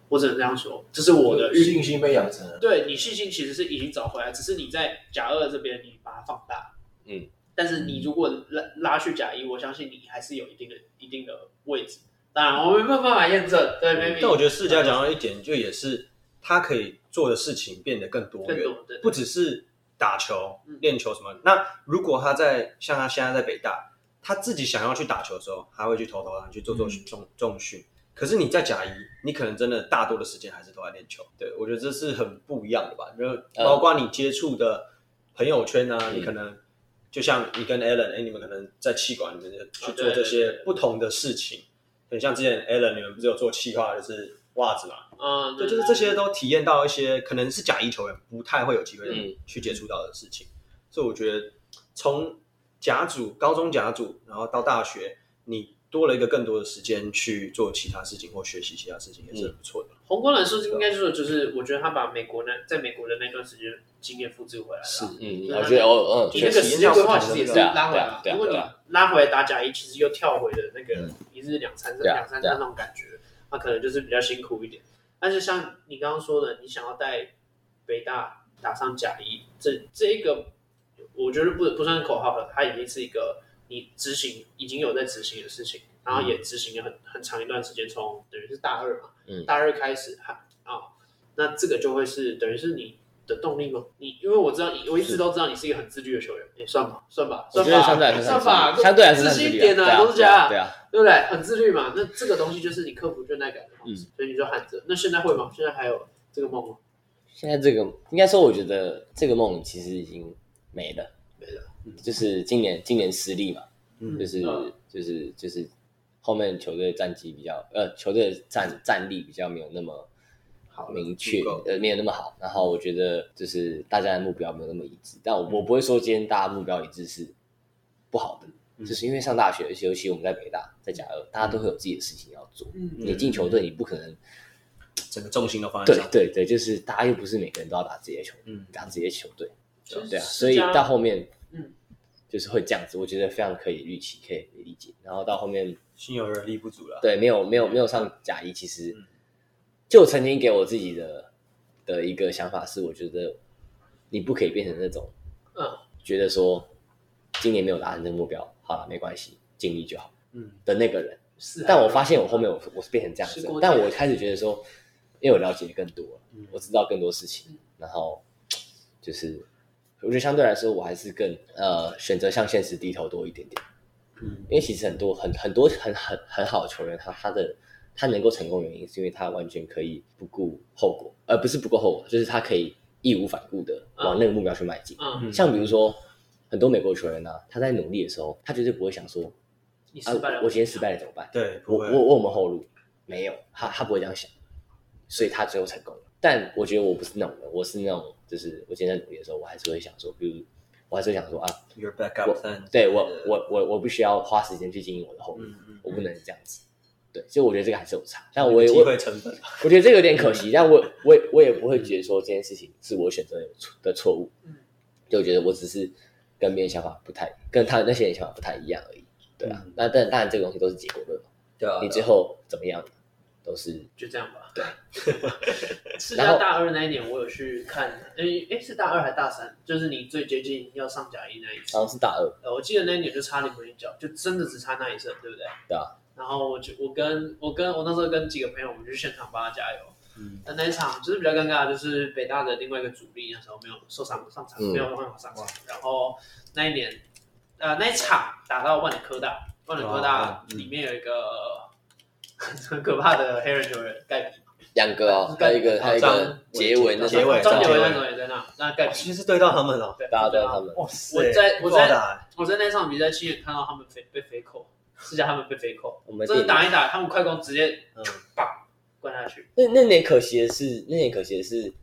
我只能這樣說，這是我的信心被養成了。對，你信心其實是已經找回來，只是你在甲二這邊你把它放大。嗯，但是你如果拉拉去甲一，我相信你還是有一定的一定的位置。當然，我沒辦法驗證。對，嗯、沒、沒、沒。但我覺得世加、就是、講到一點，就也是他可以做的事情變得更多、更多，對、對、對，不只是打球、練球什麼。嗯、那如果他在像他現在在北大，他自己想要去打球的時候，他會去投投籃、去做做重重訓。嗯可是你在甲一，你可能真的大多的時間還是都在練球。對，我覺得這是很不一樣的吧，就包括你接觸的朋友圈啊，oh. 你可能就像你跟 Alan 哎、嗯欸，你們可能在氣管裡面去做這些不同的事情。Oh, 對對對對，很像之前 Alan 你們不是有做企劃就是襪子嘛？對、oh，就就是這些都體驗到一些、嗯、可能是甲一球員不太會有機會去接觸到的事情、嗯。所以我覺得從甲組高中甲組，然後到大學，你。多了一個更多的時間去做其他事情或學習其他事情也是不錯的。宏觀來說，是是應該說就是我覺得他把美國那在美國的那段時間經驗複製回來了、啊。是，嗯，我覺得偶爾偶爾其實回來。因、嗯、為、啊啊啊啊啊、你拉回來打甲一，其實又跳回了那個一日兩餐、兩、嗯啊啊嗯、三餐那種感覺，那可能就是比較辛苦一點。嗯啊、但是像你剛剛說的，你想要帶北大打上甲一，這這一個我覺得不不算是口號了，它已經是一個。你執行，已經有在執行的事情，然後也執行了很很長一段時間從，從等於是大二嘛，嗯、大二開始喊啊、哦，那這個就會是等於是你的動力嗎？你因為我知道你我一直都知道你是一個很自律的球員，哎，算吧，算吧，算吧，算，算，算吧，相對還是算自律一點的、啊，都是這對啊，對不對？很自律嘛，那這個東西就是你克服倦怠感的方式、嗯，所以你就喊着。那現在會嗎？現在還有這個夢嗎？現在這個應該說，我覺得這個夢其實已經沒了，沒了。就是今年，今年失利嘛、嗯，就是就是就是後面球隊戰績比較呃，球隊戰戰力比較沒有那麼好明確，呃，沒有那麼好。然後我覺得就是大家的目標沒有那麼一致，但我、嗯、我不會說今天大家目標一致是不好的、嗯，就是因為上大學，尤其我們在北大，在甲二，大家都會有自己的事情要做。你進球隊，你不可能、嗯嗯嗯、整個重心都放在對對對，就是大家又不是每個人都要打自己的球，嗯，打自己的球隊、嗯就是，對啊，所以到後面。嗯就是會這樣子，我覺得非常可以預期，可以理解。然後到後面心有餘力不足了，對，沒有沒有沒有上甲一、嗯，其實就曾經給我自己的的一個想法是，我覺得你不可以變成那種、嗯、覺得說今年沒有達成這個目標，好了，沒關係，盡力就好，嗯的那個人。是、啊，但我發現我後面我我是變成這樣子這樣，但我開始覺得說，因為我了解更多，嗯、我知道更多事情，嗯、然後就是。我覺得相對來說，我還是更呃選擇向現實低頭多一點點，嗯，因為其實很多很很多很很很好的球員，他他的他能夠成功的原因，是因為他完全可以不顧後果，而、呃、不是不顧後果，就是他可以義無反顧的往那個目標去邁進。嗯嗯。像比如說很多美國球員呢、啊，他在努力的時候，他絕對不會想說，你失敗了我、啊，我今天失敗了怎麼辦？對，我我我們後路？沒有，他他不會這樣想，所以他最後成功了。但我覺得我不是那種人，我是那種。就是我今天在努力的時候，我還是會想說，比如我還是會想說啊，對我我我我不需要花時間去經營我的後路，我不能這樣子，對，所以我覺得這個還是有差，但我也會，我覺得這個有點可惜，但我也我，也我，也我，也我也我也不會覺得說這件事情是我選擇錯的錯誤，就我覺得我只是跟別人想法不太，跟他那些人想法不太一樣而已，對啊，那但當然這個東西都是結果論嘛，對啊，你最後怎麼樣？都是就這樣吧。對， 是在大二那一年，我有去看，哎、欸欸、是大二還大三？就是你最接近要上甲一那一次。哦、啊，是大二。呃，我記得那一年就差臨門一腳，就真的只差那一次，對不對？對、啊、然後我就我跟我跟我那時候跟幾個朋友，我們就去現場幫他加油。嗯。那一場就是比較尷尬，就是北大的另外一個主力那時候沒有受傷上場、嗯，沒有辦法上場。然後那一年，呃、那一場打到萬里科大，萬里科大裡面有一個。哦哦嗯 很可怕的黑人球員蓋皮，兩個蓋、哦、 一個還有一個結尾那個張杰偉那種也在那，那,那蓋比、哦、其實是對到他們哦，對到他們。我在我在,我在,我,在我在那場比賽親眼看到他們被被飛扣，是叫他們被飛扣， 真的打一打， 他們快攻直接棒、嗯、灌下去。那那點可惜的是，那點可,可惜的是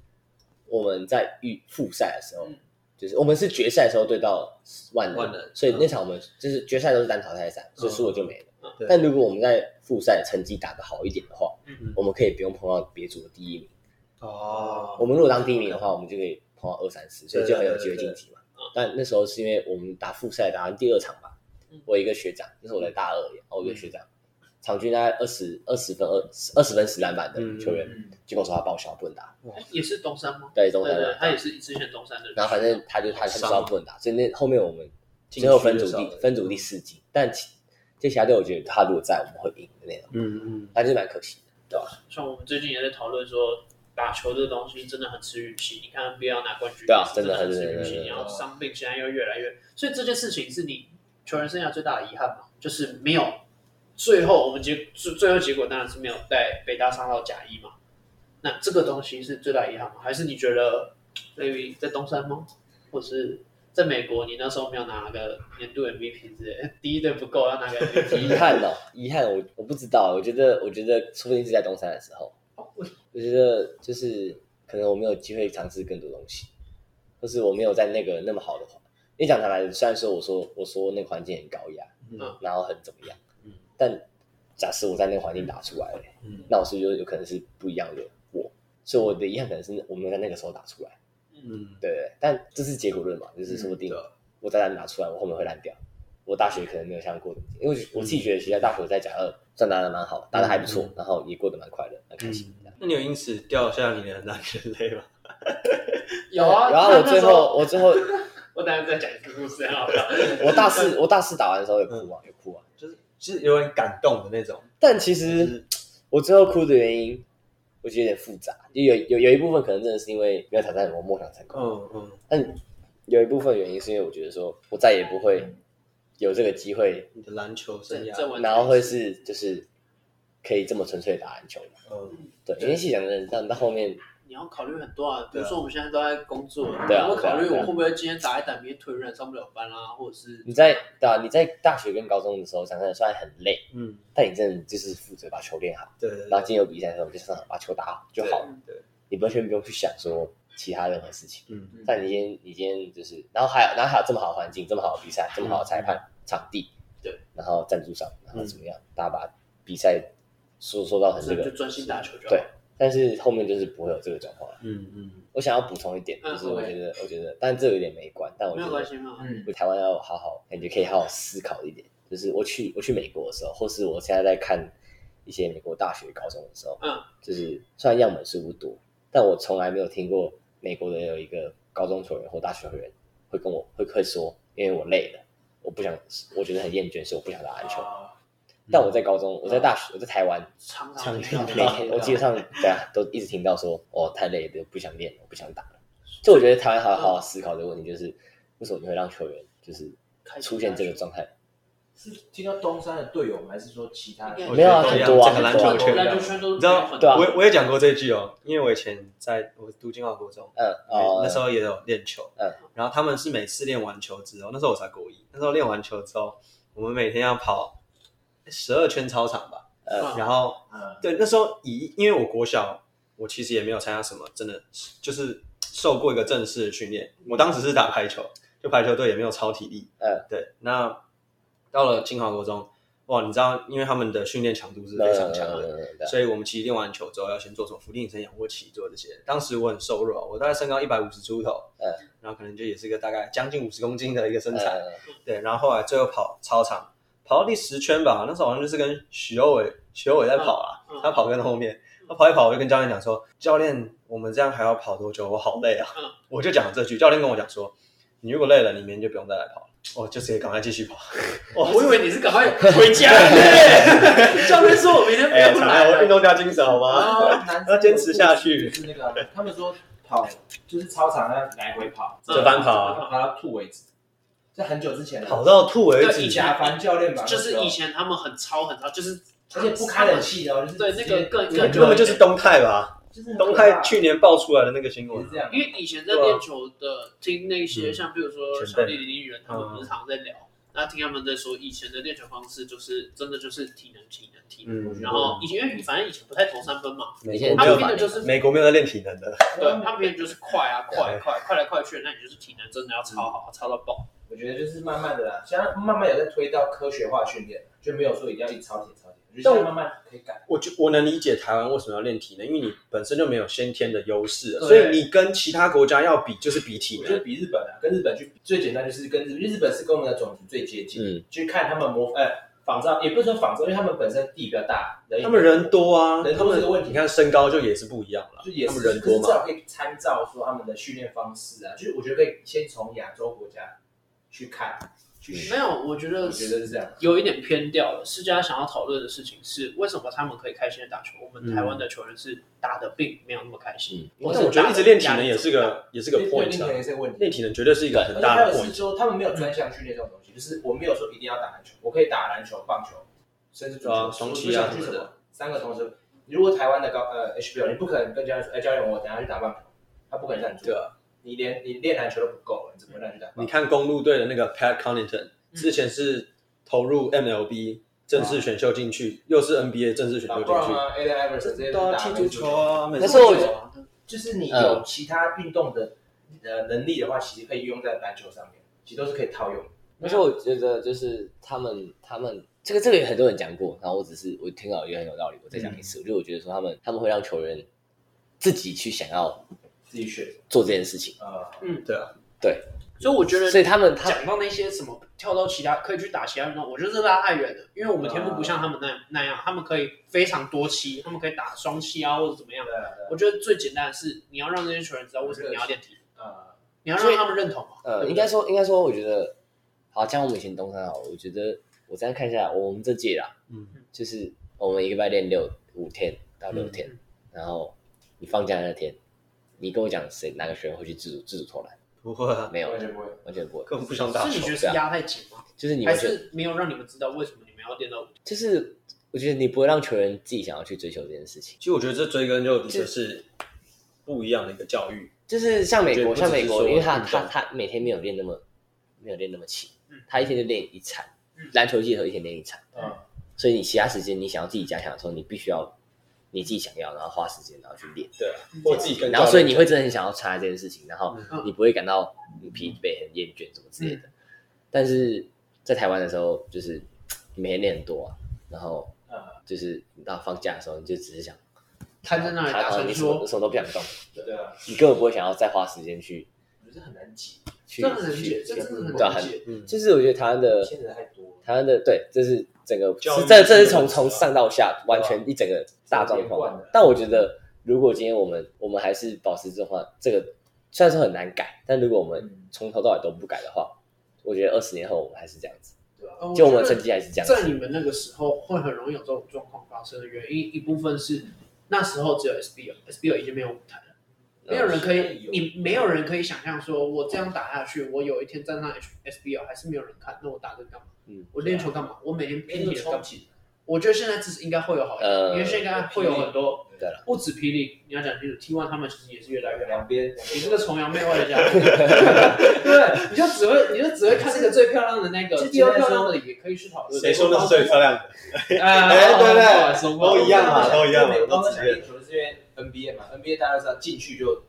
我們在預複賽的時候、嗯，就是我們是決賽的時候對到萬能,萬能，所以那場我們就是決賽都是單淘汰賽，所以輸了就沒了。但如果我們在複賽成績打得好一點的話，嗯，我們可以不用碰到別組的第一名。哦，我們如果當第一名的話，哦，我們就可以碰到二三四，所以就很有機會晉級嘛，對對對對對。但那時候是因為我們打複賽打完第二場吧，我一個學長，就，嗯，是我在大二我，嗯，哦，我一個學長，場均大概二十二十分，二二十分十籃板的球員，結，嗯，果，嗯，說他報銷不能打。也是東山嗎？對東山打打，對對，他也是一直選東山的。然後反正他就他受傷不能打，所以那後面我們最後分組第分組第四季，但。這其他隊我覺得他如果在我們會贏的那種，嗯嗯，嗯，還是蠻可惜的，對吧？像我們最近也在討論說，打球這東西真的很吃運氣。你看 NBA 要拿冠軍，對啊，真的，真的很吃運氣對對對對對。你要傷病，現在又越來越哦、所以這件事情是你球員生涯最大的遺憾嗎？就是沒有最後我們結最最後結果當然是沒有在北大上到甲一嘛。那這個東西是最大的遺憾嗎？還是你覺得 maybe 在東山嗎？或是？在美國，你那時候沒有拿那個年度 MVP 之類，第一隊不夠，要拿個遺憾哦，遺憾我，我我不知道。我覺得，我覺得，說不定是在東山的時候、哦，我覺得就是可能我沒有機會嘗試更多東西，或、就是我沒有在那個那麼好的環。你、嗯、講上來，雖然說我說我說那個環境很高壓，嗯，然後很怎麼樣，嗯，但假設我在那個環境打出來，嗯，那我是，不是就有可能是不一樣的我，所以我的遺憾可能是我沒有在那個時候打出來。嗯，對，對，但這是結果論嘛，就是說不定我再拿拿出來，我後面會爛掉、嗯。我大學可能沒有像過的，因為我自己覺得在，其實大學在甲二算打的蠻好的，打的還不錯、嗯，然後也過得蠻快樂、嗯、蠻樂、嗯、開心。那你有因此掉下你的男人淚嗎？ 有啊， 然後我最後我最後 我等一下再講一個故事，好不好？ 我大四我大四打完的時候有哭啊、嗯，有哭啊，就是其實、就是、有點感動的那種。但其實我最後哭的原因。我覺得有點複雜，就有有有，有一部分可能真的是因為沒有挑戰什麼夢想成功，嗯嗯，但有一部分原因是因為我覺得說，我再也不會有這個機會，嗯，你的籃球生涯，然後會是就是可以這麼純粹打籃球，嗯、對、對，對，因為細想的人，但到後面。你要考慮很多啊，比如說我們現在都在工作，你、嗯、後考慮我會不會今天打一打，明、嗯、天腿軟上不了班啊，或者是你在對啊、嗯，你在大學跟高中的時候，常常算很累，嗯，但你真的就是負責把球練好，對,對,對然後今天有比賽的時候，就是把球打好就好了，對，對你完全、嗯、不用去想說其他任何事情，嗯，但你今天你今天就是，然後還有然後還有這麼好的環境，這麼好的比賽，嗯、這麼好的裁判、嗯、場地，對，然後贊助商，然後怎麼樣，嗯、大家把比賽說說到很這個，專心打球就好，對。但是後面就是不會有這個狀況。嗯嗯。我想要補充一點、嗯，就是我覺得，、嗯我覺得嗯，我覺得，但這有點沒關。但我覺得。沒關係嗎？嗯、台灣要好好，你就可以好好思考一點。就是我去我去美國的時候，或是我現在在看一些美國大學高中的時候，嗯，就是雖然樣本數不多，但我從來沒有聽過美國的有一個高中球員或大學球員會跟我會會說，因為我累了，我不想，我覺得很厭倦，所以我不想打籃球。但我在高中，嗯、我在大學，哦、我在台灣常常，常聽到每天，嗯、我基本上對啊，都一直聽到說，哦，太累了，不想練，了，不想打了。就我覺得台灣好，好好思考這個問題，就是、嗯、為什麼會讓球員就是出現這個狀態？是聽到東山的隊友，還是說其他我沒有、啊？整、啊這個籃球圈，籃球圈，你知道，對啊、我我也講過這句哦，因為我以前在我讀金華國中，嗯、呃哦，那時候也有練球，嗯、呃，然後他們是每次練完球之後、嗯，那時候我才國一。那時候練完球之後，我們每天要跑。十二圈操場吧，嗯。然後，對，那時候以因為我國小，我其實也沒有參加什麼，真的就是受過一個正式的訓練。我當時是打排球，就排球隊也沒有操體力，嗯。對。那到了清華國中，哇，你知道，因為他們的訓練強度是非常強的，所以我們其實練完球之後要先做做做什麼？伏地挺身、仰臥起坐這些。當時我很瘦弱，我大概身高一百五十出頭，嗯。然後可能就也是一個大概將近五十公斤的一個身材。嗯嗯嗯，對。然後後來最後跑操場。跑到第十圈吧，那時候好像就是跟許歐偉、許歐偉在跑啊，嗯嗯、他跑跟他後面。他跑一跑，我就跟教練講說：“嗯、教練，我們這樣還要跑多久？我好累啊！”嗯、我就講了這句。教練跟我講說：“你如果累了，你明天就不用再來跑了。”我就直接趕快繼續跑、嗯。哦，我以為你是趕快回家了。 教練說：“我明天不要跑。欸”我運動家精神好嗎？要、哦、堅 持下去。是那個他們說跑就是操場那來回跑，折 返跑、啊，跑到吐為止。在很久之前，跑到吐為止。以前就是以前他們很操很操，就是他們而且不開冷氣的、哦就是，對那個更更久。那麼就是東泰吧，就是東泰去年爆出來的那個新聞。就是、因為以前在練球的，啊、聽那些像比如說小李、的人他們不是常在聊，那、嗯、聽他們在說以前的練球方式，就是真的就是體能、體能、體能。嗯、然後以前因為反正以前不太投三分嘛，以前他練的就是美國沒有在練體能的，對、啊、他們練的就是快啊，啊快快快來快去，那你就是體能真的要超好，嗯、超到爆。我覺得就是慢慢的啦、啊，現在慢慢也在推到科學化訓練，就沒有說一定要練超體超體，就是慢慢可以改。我，我就我能理解台灣為什麼要練體能，因為你本身就沒有先天的優勢，所以你跟其他國家要比就是比體能，就比日本啊，跟日本去最簡單就是跟日本，因為日本是跟我們的種族最接近，去、嗯、看他們模，呃仿照，也不是說仿照，因為他們本身地比較大，他們人多啊，他們這個問題，你看身高就也是不一樣了，就也是他們人多嘛，至少可以參照說他們的訓練方式啊，就是我覺得可以先從亞洲國家。去看去，沒有，我覺得我覺得是這樣，有一點偏掉了。世加想要討論的事情是，為什麼他們可以開心的打球、嗯，我們台灣的球員是打的並沒有那麼開心。嗯、我但我覺得一直練體能也是個也是個 point，練、練、練體能絕對是一個很大的 point。說他們沒有專項訓練這種東西，就是我沒有說一定要打籃球，我可以打籃球、棒球，甚至足球、足、啊、球、啊、什麼、什麼三個同時。如果台灣的高呃 HBL，你不可能跟教練說，哎教練，我等下去打棒球，他不可能這樣做啊。嗯你連你練籃球都不夠，你怎麼讓去你、嗯、你看公路隊的那個 Pat Connaughton 之前是投入 MLB 正式選秀進去，嗯，又是進去啊啊、又是 NBA 正式選秀進去。老啊，Allen Iverson 都要踢足球啊，但是我覺得，我就是你有其他運動的能力的話、嗯，其實可以用在籃球上面，其實都是可以套用。但、嗯、是，而且我覺得就是他們，他們這個這個也很多人講過，然後我只是我聽到也很有道理，我再講一次，嗯、就我覺得說他們他們會讓球員自己去想要。自己選做這件事情啊、嗯，嗯，對啊，對，所以我覺得，所以他們講到那些什麼跳到其他可以去打其他運動，我覺得這拉太遠了，因為我們天賦不像他們那樣、呃、那樣，他們可以非常多期，他們可以打雙期啊或者怎麼樣。對、啊對啊，我覺得最簡單的是你要讓這些球員知道為什麼你要練體，呃、嗯，你要讓他們認同。呃，對對應該說，應該說，我覺得好，像我們以前東山好，我覺得我這樣看一下來，我們這屆啊，嗯，就是我們一個禮拜練六五天到六天，嗯、然後你放假那天。你跟我講誰哪個學生會去自主自主投籃？不會、啊，沒有，完全不會，完全不會，根本不想打球。是你覺得壓太緊嗎？就是你們還是沒有讓你們知道為什麼你們要練到。就是我覺得你不會讓球員自己想要去追求這件事情。其實我覺得這追根究柢就是不一樣的一個教育。就是像美國，像美國，因為他他他，他每天沒有練那麼沒有練那麼勤、嗯，他一天就練一場籃球，街頭一天練一場。嗯。所以你其他時間你想要自己加強的時候，你必須要。你自己想要，然後花時間，然後去練。對啊，對啊，對啊，然後我自己然後，所以你會真的很想要查這件事情，啊、然後你不會感到疲憊、很厭倦什麼之類的、嗯。但是在台灣的時候，就是每天練很多啊，然後就是到、嗯、放假的時候，你就只是想躺在那裡，然後你手，你手都不想動對。對啊，你根本不會想要再花時間去，我覺得很難這很這很難這、啊嗯、就是我覺得台灣的，台灣的對，就是。整個，這這是從從上到下，完全一整個大狀況。但我覺得，如果今天我們我們還是保持這話，這個雖然說很難改，但如果我們從頭到尾都不改的話，我覺得二十年後我們還是這樣子。對啊，就我們成績還是這樣子。哦、在你們那個時候，會很容易有這種狀況發生的原因，一部分是那時候只有 SBO、嗯、SBO 已經沒有舞台了。沒有人可以，你沒有人可以想象說，我這樣打下去，我有一天站上 S B L 還是沒有人看，那我打這幹嘛、嗯？我練球幹嘛？啊、我每天拼鐵。的衝我覺得現在其實應該會有好，因、呃、為現在會有很多有不止霹靂，你要講清楚。T One 他們其實也是越來越好兩邊，你是個崇洋媚外的家對， 對你就只會，你就只會看那個最漂亮的那個，第 二漂亮的也可以去討論。誰說是最漂亮的？ 呃、哎，對不、哦、對？都一樣嘛，都一樣嘛，都樣都樣都樣都的。資源。NBA 嘛，NBA 大家知道進去就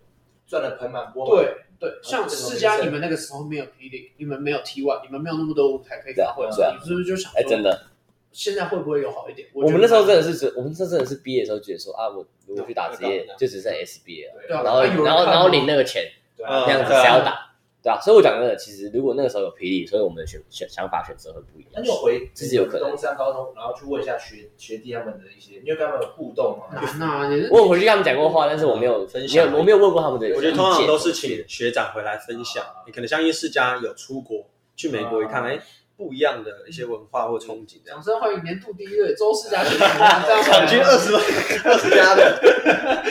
賺了盆滿缽滿。對對、嗯，像世加你們那個時候沒有 P League、嗯，你們沒有 T1，你們沒有那麼多舞台可以打。對啊，你是不是就想哎真的？現在會不會有好一點？啊我，我，們欸、我們那時候真的是只，我們這真的是畢業的時候覺得說啊，我我去打職業就只剩 SBL 了對、啊，然後然後然後領那個錢，對、啊嗯，這樣子還要打。對啊，所以我講的其實，如果那個時候有霹靂，所以我們的選選想法選擇會不一樣。那就回自己有東山高中，然後去問一下學學弟他們的一些，因為跟他們有互動嘛。我有回去跟他們講過話，但是我沒有分享、啊，我沒有問過他們的。我覺得通常都是請學長回來分享。啊、你可能像信世加有出國去美國一看，哎，不一樣的一些文化或憧憬、嗯。掌聲歡迎年度第一位，周世加，場均二十二十加的，加的、 啊啊。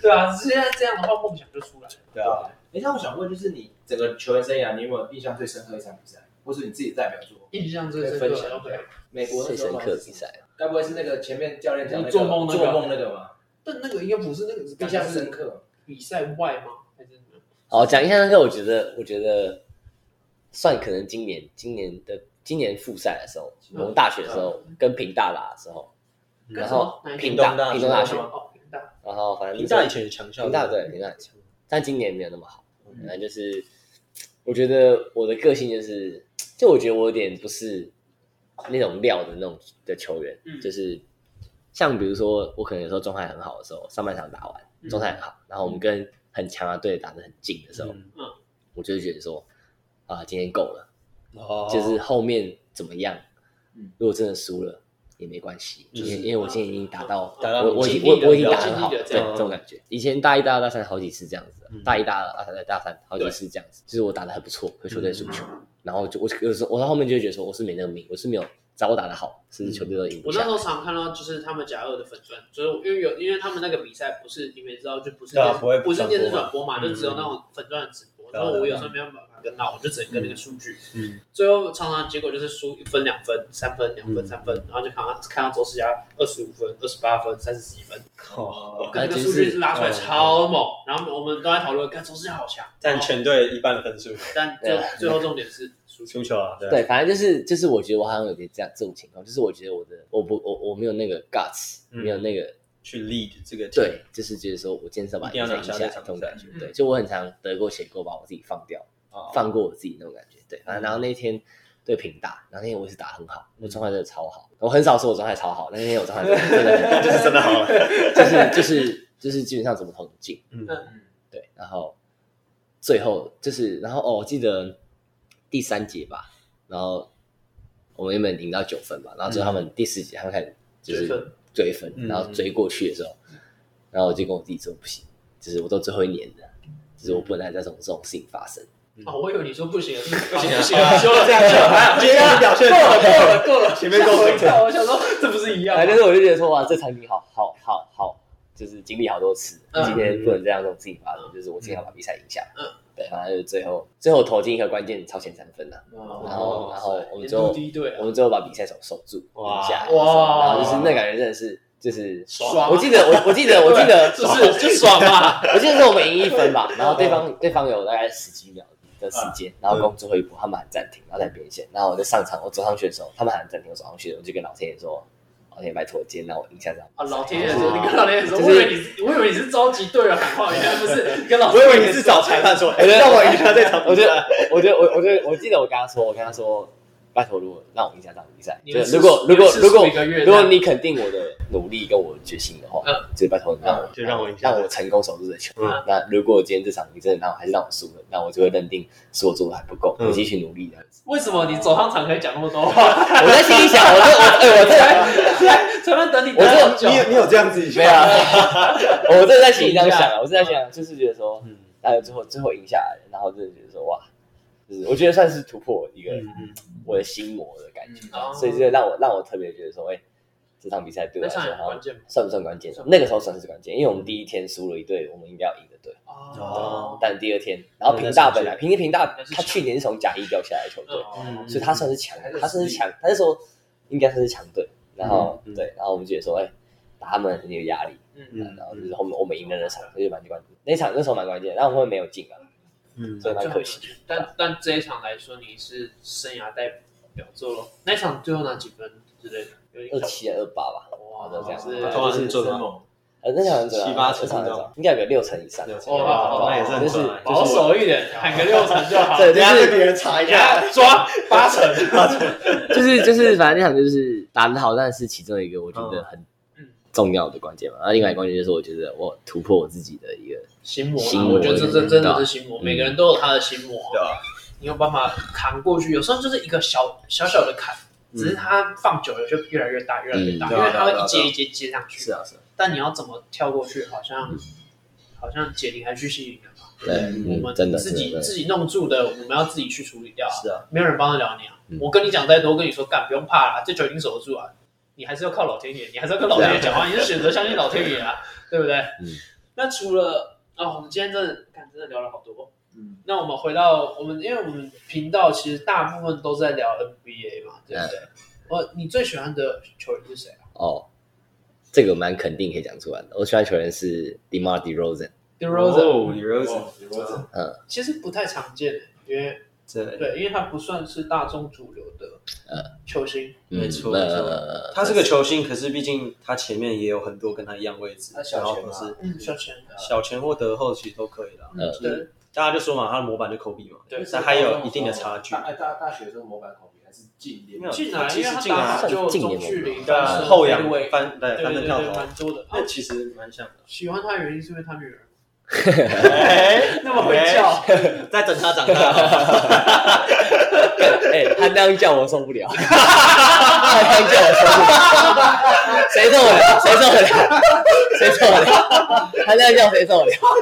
對啊，只是現在這樣的話夢想就出來了。對啊。那我想問，就是你整個球員生涯，啊，你有沒有印象最深刻一場比賽，或是你自己代表作印象最深刻對，對，對。美國的最深刻比賽，該不會是那個前面教練講、那個、做個做夢那個嗎？但那個應該不是、那個，那個是印象深刻比賽外嗎？還是好、哦，講一下那個我，我覺得，我覺得算可能今年，今年的今年複賽的時候，我、哦、們大學的時候、嗯、跟屏大打的時候，嗯、然後屏大屏東大，屏東大學哦，屏大，然後反正、就是、屏大以前是強校，屏大對屏大很強、嗯，但今年沒有那麼好。反、嗯、正就是，我覺得我的個性就是，就我覺得我有點不是那種料的那種的球員，嗯、就是像比如說我可能有時候狀態很好的時候，上半場打完狀態很好、嗯，然後我們跟很強的隊打得很近的時候，嗯，我就覺得說啊、呃，今天夠了，哦，就是後面怎麼樣？嗯，如果真的輸了。也沒關係，因、嗯、為、就是、因為我現在已經打到，嗯、我、嗯、我已經、嗯、我我已經打得很好，這對這種感覺。嗯、以前大一大大、嗯、大二、大三好幾次這樣子，大、嗯、一、大二、大三、大三好幾次這樣子，其實我打得很不錯，和球隊輸球、嗯。然後就我有時候，我到後面就會覺得說，我是沒那個命，我是沒有找我打得好，甚至球隊都贏不下、嗯。我那時候常看到就是他們甲二的粉鑽，就是因為有，因為他們那個比賽不是你們知道就不是不不，不是電視轉播嘛、嗯，就只有那種粉鑽的直播、嗯。然後我有時候沒辦法。嗯。那我就整個那個數據嗯，嗯，最後常常結果就是輸一分，分、兩分、三分，分、兩分、三分，然後就看到看到周世加二十五分、二十八分、三十一分，哦、oh，跟那個數據是拉出來超猛。嗯、然後我們都在討論、嗯，看周世加好強，占全隊一半的分數。但最、 啊、最後重點是輸、那個、球啊，對啊，對，反正就是就是我覺得我好像有點這樣這種情況，就是我覺得我的我不我我沒有那個 guts，、嗯、沒有那個去 lead 這個對，就是就是說我堅持把一,一定要贏下這種感覺，對，就我很常得過且過，把我自己放掉。放過我自己那種感覺，對，然後然後那天對平大，然後那天我也是打得很好，嗯、我狀態真的超好，我很少說我狀態超好，那天我狀態真的很 就是真的好，就是 就是就是基本上怎麼投怎麼進，嗯，對，然後最後就是然後哦，我記得第三節吧，然後我們原本贏到九分吧，然後最後他們第四節、嗯、他們開始就是追分，分，然後追過去的時候嗯嗯，然後我就跟我自己說不行，就是我都最後一年的，就是我不能再這種這種事情發生。嗯嗯啊、嗯，哦！我以為你說不行了，不行、啊，不行了，這樣子，哎呀，你表現夠了，夠了，夠了，了，前面夠穩了，我，我想說，這不是一樣？哎、 啊，但是我就覺得說，哇，這產品好好好好，就是經歷好多次、嗯，今天不能這樣用自己發的、嗯，就是我今天要把比賽贏下來。嗯，對，反正就最後最後投進一個關鍵超前三分了、啊，然後然後,然後我們就、啊，我們最後把比賽手守住，贏下。哇，就是那感覺真的是就是爽，我記得我我記得,我記得,我,記得我記得就是就爽嘛， 我記得是我們贏一分吧，然後對方對,對,對方有大概十幾秒。啊、時間，然後工走後一他們喊暫停，然後再編線，然後我就上場，我走上去的時候，他們喊暫停，我走上去我就跟老天爺說：“老天爺，拜托今天讓然後我贏下這樣。啊，老天爺，你跟老天爺說，我以為你，我以為你是召集隊員不是 跟老天爺說。我以為你是找裁判說，讓我贏下這場。啊、我覺得，我覺得，我，我我記得，我跟他說，我跟他說。拜託，如果讓我贏下這場比賽，如果如果如果如果你肯定我的努力跟我決心的話，呃、就拜託你讓我，就讓我贏下，讓我讓我成功守住這球，嗯嗯。那如果今天這場你真的讓我還是讓我輸了，那我就會認定是我做的還不夠，我，嗯、繼續努力了。為什麼你走上場可以講那麼多話？我在心裡想，我在，哎，我在在在在 等你。我說你你有這樣子想？對啊 我正在心裡這樣想啊。 我是在想，就是覺得說，嗯，有最後最後贏下來，然後就覺得說，哇。就是我覺得算是突破一個我的心魔的感覺，嗯嗯、所以這個讓我讓我特別覺得說，哎、欸，這場比賽對我、啊、算，算關鍵像算不算關鍵？那個時候算是關鍵，因為我們第一天輸了一隊，我們應該要贏的隊哦對，但第二天，然後平大本來平一平、嗯、大，他去年是從甲一掉下來的球隊、嗯，所以他算是強，他算是強，他那時候應該算是強隊，然後、嗯嗯、對，然後我們覺得說，哎、欸，打他們很有壓力，嗯，然後就是後面我們贏了那場，那、嗯、就蠻關鍵，那場那時候蠻關鍵，然後後面沒有進啊。嗯，對。客、嗯、但但這一場來說，你是生涯代表作咯。那場最後拿幾分之類的，二七二八吧？哇，這樣、哦、是做夢。呃，那場、啊、七,七八成應該有個六成以上。哇、哦哦哦，那也是。就是保守一點，喊個六成就好。 對，就是別人查一下，抓八成。八成。 就是就是，反正那場就是打得好，但是其中一個我覺得很。哦重要的關鍵嘛，那另外一個關鍵就是我覺得我突破我自己的一個心魔,心魔,心魔，我覺得這真真的是心魔，嗯、每個人都有他的心魔，對、嗯、吧？你有辦法扛過去，有時候就是一個小小小的坎、嗯，只是它放久了就越來越大越來越大，嗯、因為它會一階一階接,接上去。是啊是。但你要怎麼跳過去？好像、嗯、好像解鈴還須繫鈴嘛對。對，我們自己、嗯、自己弄住的，我們要自己去處理掉。是啊。沒有人幫得了你啊、嗯！我跟你講再多，我跟你說幹，不用怕啦，這酒已經守得住啊。你還是要靠老天爺，你還是要跟老天爺講話，你就選擇相信老天爺啊， 對不對？嗯。那除了啊、哦，我們今天真的看，真的聊了好多。嗯。那我們回到我們，因為我們頻道其實大部分都在聊 NBA 嘛，對不對？嗯、哦，你最喜歡的球員是誰啊？哦，這個我蠻肯定可以講出來的。我喜歡球員是 DeMar DeRozan。DeRozan，DeRozan，DeRozan 嗯。其實不太常見的、欸。因為類。對，因為他不算是大眾主流的球星，嗯、沒錯，他是個球星，可是畢竟他前面也有很多跟他一樣位置，啊小啊、然後都是小前、嗯，小前獲得後期都可以了、啊。嗯，大家就說嘛，他的模板就科比嘛，對，對但還有一定的差距。大大學的時候模板科比還是近一點沒有，近來其實近但啊，就中距離跟後仰位翻，對對對，對，蠻多的。那其實蠻像的，的、哦。喜歡他的原因是因為他女兒。哎、 欸，那麼會叫，在、欸、等他長大。哎、 欸，他那樣叫我受不了。他那樣叫我受不了。誰 受不了？誰受不了？誰 受不了？他那樣叫誰受不了？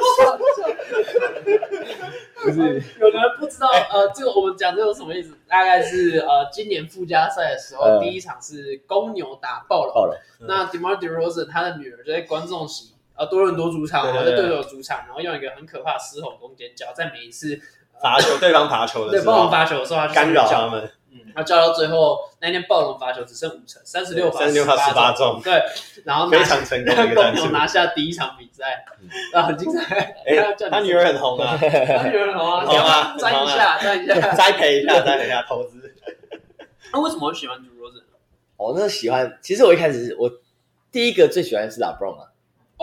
不是、哎。有人不知道，哎、呃，這個我們講這個什麼意思？大概是呃，今年附加賽的時候、呃，第一場是公牛打暴龍、嗯。那 DeMar DeRozan 他的女兒就在觀眾席。啊！多倫多主場，我的對手主場，然後用一個很可怕的獅吼功，功尖叫，在每一次罰球，對方罰球的，對暴龍罰球的時候，他干擾他，啊，們。嗯，他叫到最後那天暴龍罰球只剩五成三十六罰十八中，對，然後非常成功的一個戰術，然後拿下然後拿下第一場比賽，啊，很精彩。他女兒很紅啊，他女兒很紅啊，好 啊，啊，摘一下，摘一下，栽 培一下，栽培一下，投資。那， 啊，為什麼會喜歡 Rose 那喜歡？其實我一開始我第一個最喜歡的是 LeBron 啊。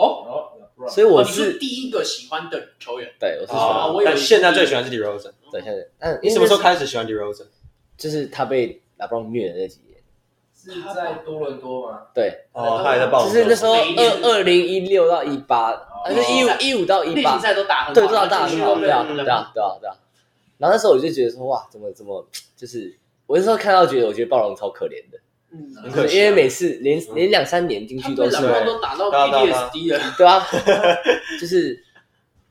哦、oh? no,，no, 所以我是,、oh, 是第一個喜歡的球員。對，我是喜歡、oh,。但現在最喜歡是 DeRozan 等一下，你什麼時候開始喜歡 DeRozan 就是他被勒布朗、啊、虐的那幾年，是在多倫多嗎？對，哦，他也在暴龍。就是那時候二二零一六到一八，啊，是一五一五到一八、oh,，例行賽都打很好，都、嗯、對啊，對啊，對啊，對啊。然後那時候我就覺得說，哇，怎麼怎麼，就是我那時候看到覺得，我覺得暴龍超可憐的。嗯，嗯，因為每次連、嗯、連兩三年進去都是，他兩方都打到 BDSD 了，啊啊啊 對啊，就是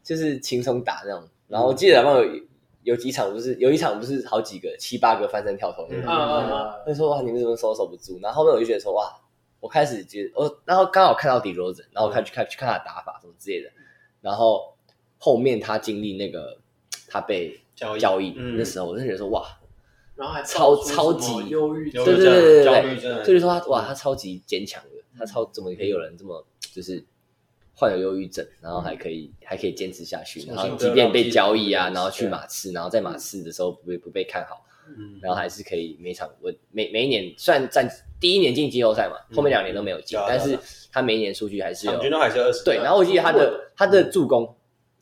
就是輕鬆打那種。嗯、然後我記得兩方有有幾場，不是、嗯、有一場不是好幾個七八個翻身跳投那種。嗯啊嗯，啊就說哇，你們怎麼守守不住？然後後面我就覺得說哇，我開始就我，然後剛好看到 DeRozan 然後看去看、嗯、去看他的打法什麼之類的。然後後面他經歷那個他被交易、嗯、那時候，我就覺得說哇。然後還超超級，對對對對，對，對，對，就是說他哇，他超級堅強的，嗯、他超怎麼可以有人這麼就是患有憂鬱症，然後還可以、嗯、還可以堅持下去、嗯，然後即便被交易啊，嗯、然後去馬刺、嗯，然後在馬刺的時候不不被看好、嗯，然後還是可以每場我每每一年雖然第一年進季後賽嘛、嗯，後面兩年都沒有進，嗯、但是他每一年數據還是有，場均還是二十，對，然後我記得他的他的助攻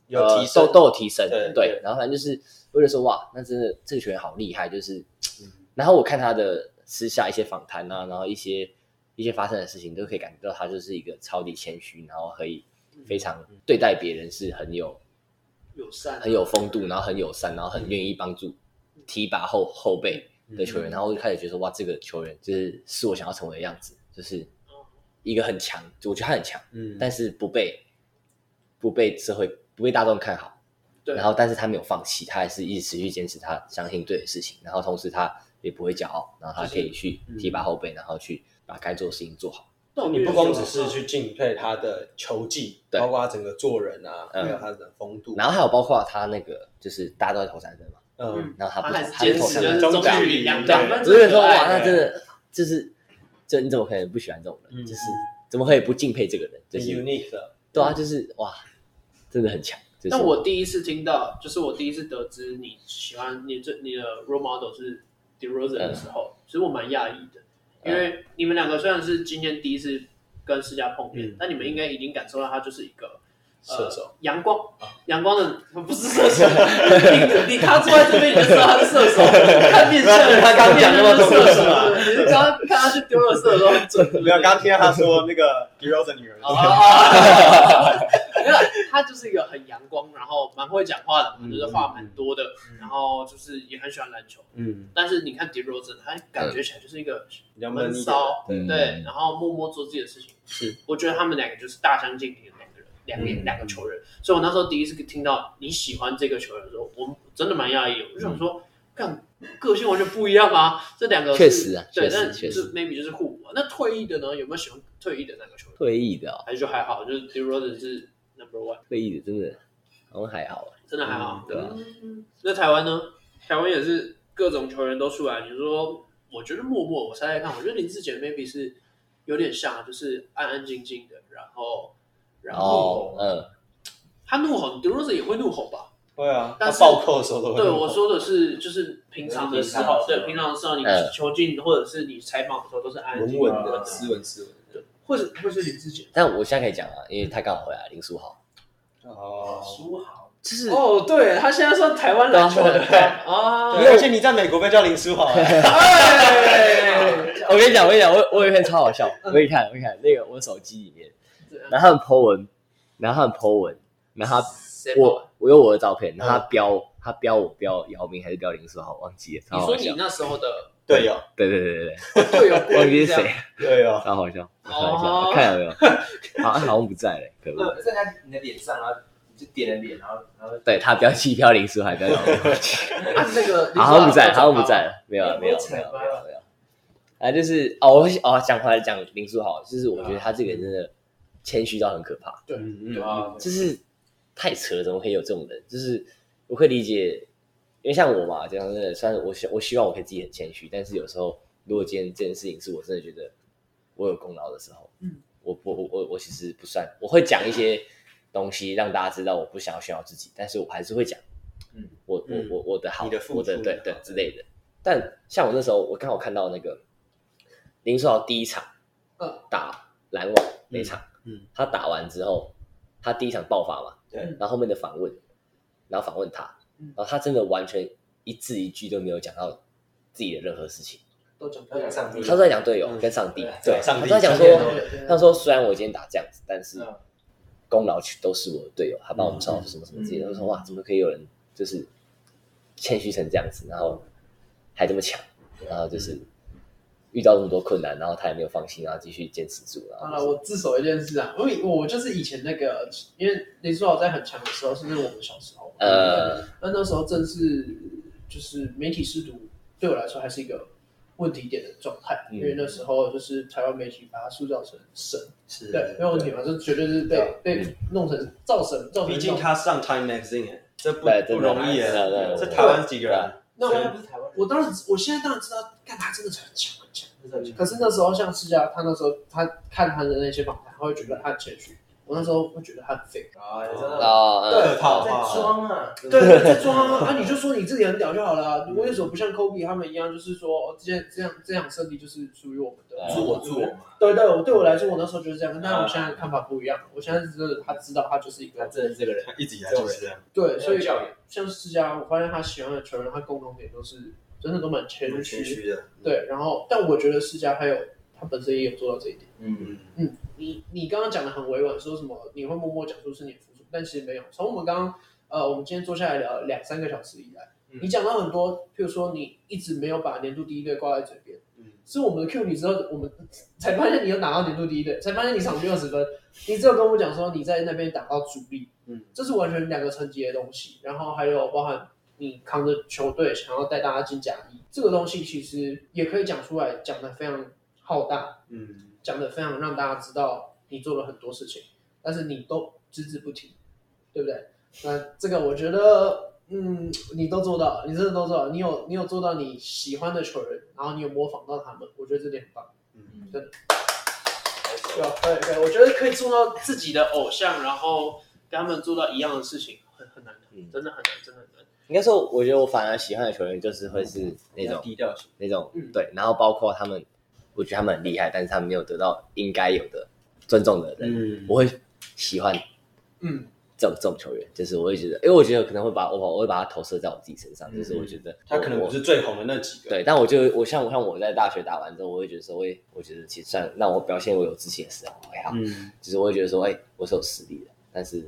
有提升、呃、都都有提升，對，對對然後反正就是。為了說哇，那真的這個球員好厲害，就是，然後我看他的私下一些訪談啊，然後一些一些發生的事情，都可以感覺到他就是一個超級謙虛，然後可以非常對待別人是很有友善、啊，很有風度，然後很友善，然後很願意幫助提拔後後輩的球員、嗯，然後我就開始覺得說哇，這個球員就是是我想要成為的樣子，就是一個很強，我覺得他很強，嗯，但是不被不被社會不被大眾看好。對，然後，但是他沒有放棄，他還是一直持續堅持他相信對的事情。然後，同時他也不會驕傲，然後他可以去提拔後輩、就是嗯，然後去把該做的事情做好，好。你不光只是去敬佩他的球技，對，包括他整個做人啊，還、嗯、有他的風度。然後還有包括他那個，就是大家都在投三分嘛，嗯，嗯，然後他不他是堅持的中距離、啊，對。所以說哇，那真的就是，這你怎麼可能不喜歡這種人、嗯？就是，嗯、怎麼可以不敬佩這個人？就是很 unique 的，對啊，對就是哇，真的很強。那我第一次聽到，就是我第一次得知你喜歡你這你的 role model 是 DeRozan 的時候，嗯、其實我蠻訝異的，嗯、因為你們兩個雖然是今天第一次跟世加碰面，嗯、但你們應該已經感受到他就是一個射手、呃，陽光，陽光的，不是射手。 你你看坐在這邊你就知道他是射手， 看面相，他剛講是射手啊，對對 你是剛剛看他去丟了射手，你剛聽到他說那個 DeRozan 女人。 哦 他就是一個很陽光，然後蠻會講話的，就是話蠻多的，嗯、然後就是也很喜歡籃球。嗯，但是你看迪羅森，他感覺起來就是一個悶騷、嗯嗯，對，然後默默做自己的事情。是、嗯，我覺得他們兩個就是大相徑庭的兩個人，兩、嗯、兩兩個球員。所以，我那時候第一次聽到你喜歡這個球員的時候，我真的蠻訝異，我就想說，看、嗯、個性完全不一樣啊，這兩個是確實、啊、對，確實但確實是就是 maybe 就是互補。那退役的呢，有沒有喜歡退役的那個球員？退役的、哦、還是就還好，就是迪羅森是。Number one，退役的真的好像還好啊，真的還好。嗯、對、啊、那台灣呢？台灣也是各種球員都出來。你說，我覺得默默，我猜猜看，我覺得林志傑 maybe 是有點像，就是安安靜靜的，然後然後嗯、哦呃，他怒吼你 Rose 也會怒吼吧？會啊，他暴扣的時候都會對，我說的是就是平常，平常的時候，對，平常的時候，你球進或者是你採訪的時候都是安安靜靜的，的，斯文斯文。或者會是林志傑， 但我現在可以講啊，因為他剛好回來，林書豪。哦，書豪就是哦，對他現在算台灣籃球的。哦、啊啊，而且你在美國被叫林書豪。我跟你講、哎，我跟你講，我、哎、我有一篇超好笑，嗯、我給你看，我給你看，那個我手機裡面，然後他 po 文，然後他 po 文，然後他,然後他我我有我的照片，他標他標我標姚明還是標林書豪，忘記。你說你那時候的。隊友，對對對對對，隊友、 哦啊，我你是誰？隊、啊、友，好搞笑，看下，看到沒有？好像不在嘞，對不對？在、嗯、你的臉上啊，你就點了臉，然後，然後，對他不要氣飄零叔，還不要氣，他那個好像不在，不在，好像不在了，沒有，沒有，沒有，了沒，有沒有，啊，就是哦，哦，講、哦、回來講林書豪，就是我覺得他這個人真的謙虛到很可怕，對，嗯對啊、對就是太扯了，怎麼可以有這種人？就是我可以理解。因為像我嘛，這樣真的，雖然我希我希望我可以自己很謙虛，但是有時候，如果今天這件事情是我真的覺得我有功勞的時候，嗯，我我我我其實不算，我會講一些東西讓大家知道，我不想要炫耀自己，但是我還是會講，嗯，我我我我的好，嗯、我的，你的，我的，對對之類的。但像我那時候，我剛好看到的那個林書豪第一場，打籃網那場，嗯場，他打完之後，他第一場爆發嘛，嗯，對，然後後面的訪問，然後訪問他，嗯、然後他真的完全一字一句都沒有講到自己的任何事情都講，都在講隊友、嗯、跟上帝。嗯、對，對上帝，他在講說，他說雖然我今天打這樣子，但是功勞都是我的隊友，他幫我們超什麼什麼之類他、嗯就是、說哇，怎麼可以有人就是謙虛成這樣子，然後還這麼強，然後就是遇到那麼多困難，然後他也沒有放棄，然後繼續堅持住。啊，我自首一件事啊，因為我就是以前那個，因為林書豪我在很強的時候，是不是我們小時候？呃，那、 嗯、那時候正是就是媒體識讀對我來說還是一個問題點的狀態、嗯，因為那時候就是台灣媒體把它塑造成神，是，對，沒有問題嘛，就絕對是被對、被弄成造神造神。畢竟他上 Time Magazine，這不這不容易了，這台灣是幾個人？那我那不是台灣，我當時我現在當然知道干他真的才很強很強，可是那時候像世加，他那時候他看他的那些訪談，他會覺得他的結局。我那時候會覺得他 fake 哎，真的，好好對，他在裝啊，對，在裝啊，啊， 你就說你自己很屌就好了，啊。我為什麼不像 Kobe 他們一樣，就是說，這些這樣這樣，這身體就是屬於我們的，是我做，對對，我對我來說，我那時候就是這樣，但我現在看法不一樣。我現在真的他知道，他就是一個他真的這個人，他一直以來就是這樣。對，所以像世加，我發現他喜歡的球員，他共同點都是真的都蠻謙虛的。對，然後，但我覺得世加還有他本身也有做到這一點。嗯嗯。你你剛剛講的很委婉，說什麼你會默默講出是你付出，但其實沒有。從我們剛剛呃，我們今天坐下來聊兩三個小時以來，嗯、你講到很多，譬如說你一直沒有把年度第一隊掛在嘴邊，嗯，是我們的 Q 你之後，我們才發現你有拿到年度第一隊，才發現你場均二十分， 你只有跟我講說你在那邊打到主力，嗯，這是完全兩個層級的東西。然後還有包含你扛着球隊想要帶大家進甲一，這個東西其實也可以講出來，講的非常浩大，嗯。講的非常讓大家知道你做了很多事情，但是你都只字不提，對不對？那這個我覺得，嗯，你都做到，你真的都做到，你有你有做到你喜歡的球員，然後你有模仿到他們，我覺得這點很棒。嗯嗯，真的。對，對，我覺得可以做到自己的偶像，然後跟他們做到一樣的事情，很很難、嗯，真的很難，真的很難。應該說，我覺得我反而喜歡的球員就是會是那種、嗯、低調型，那種對、嗯，然後包括他們。我覺得他們很厲害，但是他們沒有得到應該有的尊重的人，嗯、我會喜歡，嗯，這種這種球員，就是我會覺得，哎、欸，我覺得可能會把我，我會把他投射在我自己身上，嗯、就是我覺得我他可能不是最紅的那幾個，對，但我就我像像我在大學打完之後，我會覺得說會，會我覺得其實算，讓我表現我有自信的時候，還好、嗯。就是我會覺得說，哎、欸，我是有實力的，但是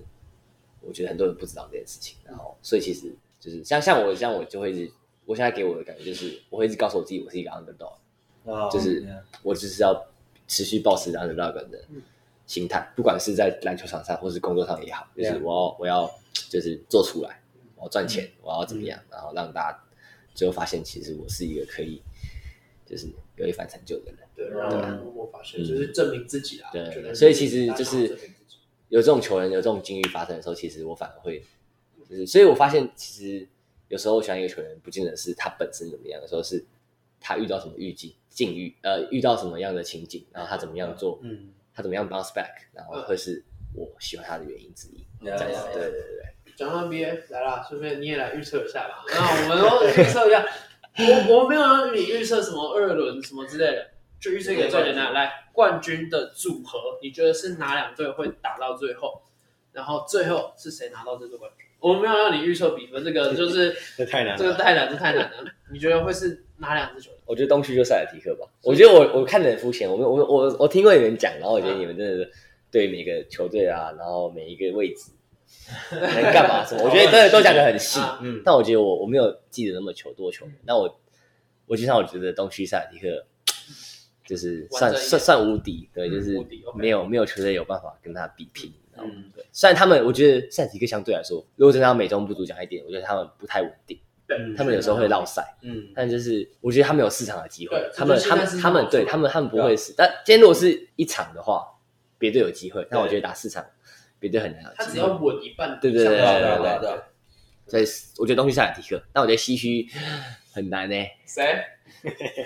我覺得很多人不知道這件事情，然後所以其實就是像像我這樣，我就會一直，我現在給我的感覺就是，我會一直告訴我自己，我是一個 underdog。Wow, okay. 就是我就是要持續保持這樣的那個的心態、嗯，不管是在籃球場上或是工作上也好，yeah. 就是我要我要就是做出來，我要賺錢、嗯，我要怎麼樣、嗯，然後讓大家最後發現其實我是一個可以就是有一番成就的人，對，然後對我發現就是證明自己啊，對對對,對，所以其實就是有這種球員有這種境遇發生的時候，其實我反而會就是，所以我發現其實有時候我喜歡一個球員，不一定是他本身怎麼樣，有時候是他遇到什麼際遇。境遇呃，遇到什麼樣的情景，然後他怎麼樣做，嗯，他怎麼樣 bounce back，然後會是我喜歡他的原因之一。嗯、這樣對對對對。講到 NBA 來啦，順便你也來預測一下吧。 那我們都預測一下， 我我沒有讓、啊、你預測什麼二輪什麼之類的，就預測一個最簡單。來冠軍的組合，你覺得是哪兩隊會打到最後？然後最後是誰拿到這座冠軍？我們沒有讓你預測比分，這個就是 這太難，這個太難，這太難了。 你覺得會是哪兩支球隊？我覺得東區就塞爾提克吧。我覺得我我看得很膚淺，我們我我我聽過有人講，然後我覺得你們真的對每個球隊啊、嗯，然後每一個位置能幹嘛什麼， 我覺得真的都講的很細。嗯、哦啊，但我覺得我我沒有記得那麼球，多球員、嗯。但我我就像我覺得東區塞爾提克就是算算算無敵、嗯，對，就是沒有，無、okay、沒，有沒有球隊有辦法跟他比拼。嗯嗯嗯，對，雖然他們，我覺得塞提克相對來說，如果真的要美中不足講一點，我覺得他們不太穩定、嗯，他們有時候會落賽，嗯，但就是我覺得他們有市場的機會、嗯，他們、嗯、他們、嗯、他們對、嗯、他們、嗯、對、他們他們不會死、嗯，但今天如果是一場的話，別隊有機會，但我覺得打四場別隊很難有機會，他只要穩一半，對對對對對對，所以我覺得東西塞提克，但我覺得唏噓。很難呢，欸。誰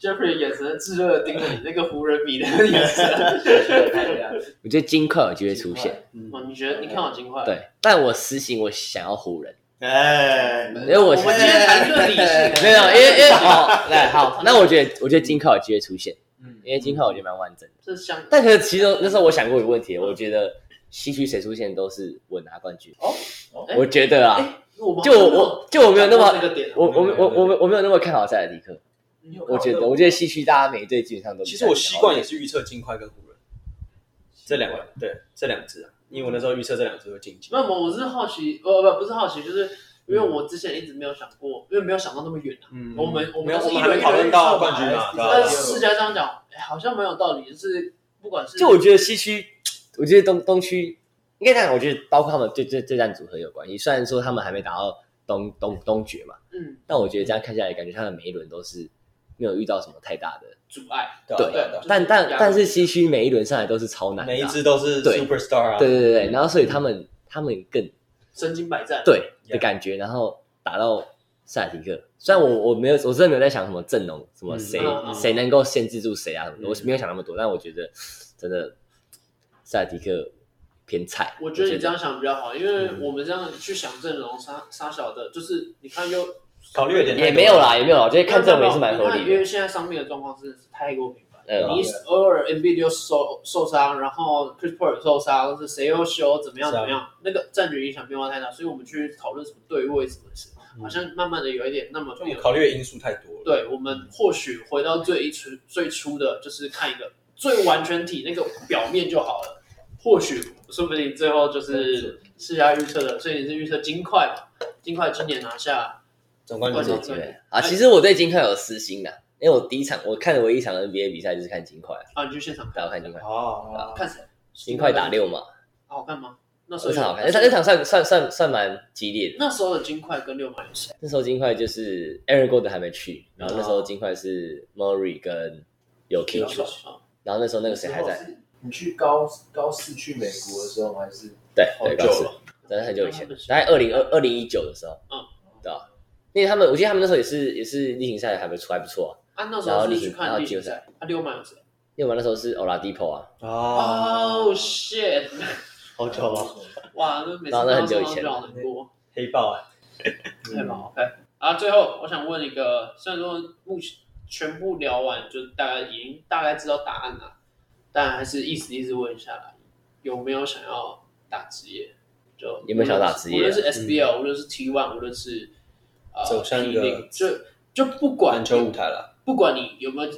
？Jeffrey 眼神炙熱的盯着你，那個湖人比的眼神 我覺得金塊有機會出現。嗯。哦，你覺得？你看好金塊？對，但我私心，我想要湖人。哎，欸，因為我今天談對立。沒有，因為因為好，來好， 那我覺得我覺得金塊有機會出現。嗯，因為金塊我覺得蠻完整的。這、嗯，香。但是其實那時候我想過一個問題，嗯，我覺得西區誰出現都是穩拿冠軍。哦，欸，我覺得啊。欸我啊、就我，我就我沒有那麼那、啊、我我我我我沒有那麼看好塞爾提克。我覺得，我覺得西區大家每一隊基本上都其實我習慣也是預測金塊跟湖人，這兩個、嗯、對這兩支啊，因為我那時候預測這兩支會晉級。那、嗯、我我是好奇，我不不是好奇，就是因為我之前一直沒有想過，嗯、因為沒有想到那麼遠啊、嗯我沒我沒有。我們我們要是一輪討論到冠軍嘛，但世加這樣講，哎，好像蠻有道理，就是不管是就我覺得西區，我覺得東東區。應該看，我覺得包括他們對這這戰組合有關係。雖然說他們還沒打到東東東決嘛，嗯，但我覺得這樣看下來，感覺他們每一輪都是沒有遇到什麼太大的阻礙，對、啊對，啊對啊就是。但但但是西區每一輪上來都是超難的、啊，每一支都是 Superstar、啊、對，對對對對、嗯。然後所以他們他們更身經百戰，對的感覺。嗯、然後打到賽迪克，雖然我我沒有，我真的沒有在想什麼陣容，什麼誰、嗯啊、誰能夠限制住誰啊什麼、嗯，我沒有想那麼多。但我覺得真的賽迪克。偏菜，我覺得你這樣想比較好，因為我們這樣去想陣容，殺、嗯、殺小的，就是你看又考慮一點也沒有啦，也沒有，啦，覺得看陣容也是蠻合理的。因為現在傷病的狀況真的是太過頻繁、哦，你偶爾 MVP 受受傷，然後 Chris Paul 受傷，是誰又休，怎麼樣、啊、怎麼樣，那個戰局影響變化太大，所以我們去討論什麼對位什麼事，好像慢慢的有一點那麼就考慮的因素太多了。對，我們或許回到最一初最初的就是看一個最完全體那個表面就好了。 或許說不定最後就是試下預測的，所以你是預測金塊金塊今年拿下總冠軍的機會、哎、啊！其實我對金塊有私心的、啊，因為我第一場我看的唯一一場 NBA 比賽就是看金塊啊，啊！你就現場看，好看金塊哦，看誰？金塊打溜馬，好、哦、看嗎？那時候非常好看，那、啊、那場算算算算蠻激烈的。那時候的金塊跟溜馬有誰？那時候金塊就是 Aaron Gordon 還沒去，然後那時候金塊是 Murray 跟 y、哦、跟有 Jokic，然後那時候那個誰還在。你去高，高四去美國的時候，還是對對高四，真的很久以前，大概二零二二零一九的時候，嗯，對啊，因為他們我記得他們那時候也是也是例行賽，還沒出不錯，還不錯啊。啊，那時候你去看例行賽啊，溜馬有誰？溜馬那時候是歐、啊、拉迪波啊哦，哦，s h i t 好久了、哦、哇，那每次他受傷就很難黑豹啊，黑豹哎啊。最後我想問一個，雖然說目前全部聊完，就是、大家已經大概知道答案了。但然，還是意思意思問，一直一直問下來，有沒有想要打職業？就有沒有想要打職業？無論是，是 SBL，嗯、無論是 T1，無論是啊、嗯、呃，走 T 零，T0, 就就不管籃球舞台了，不管你有沒有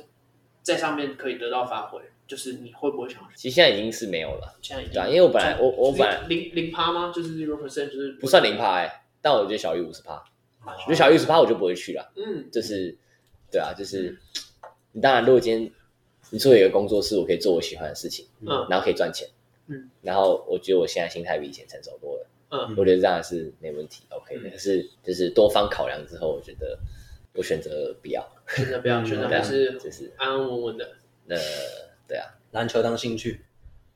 在上面可以得到發揮，就是你會不會想？其實現在已經是沒有了，現在已經對啊，因為我本來我我本來零零趴嗎？就是，就是不算零趴哎，但我覺得小於五十趴，我覺得小於五十趴我就不會去了。嗯，就是對啊，就是、嗯、你當然如果今天。你做一個工作室，我可以做我喜歡的事情，嗯，然後可以賺錢，嗯，然後我覺得我現在心態比以前成熟多了，嗯，我覺得這樣是沒問題，OK，但、嗯、是就是多方考量之後，我覺得我選擇不要，嗯、選擇不要，嗯、選擇不要就是安安穩穩的，那、就是呃、對啊，籃球當興趣，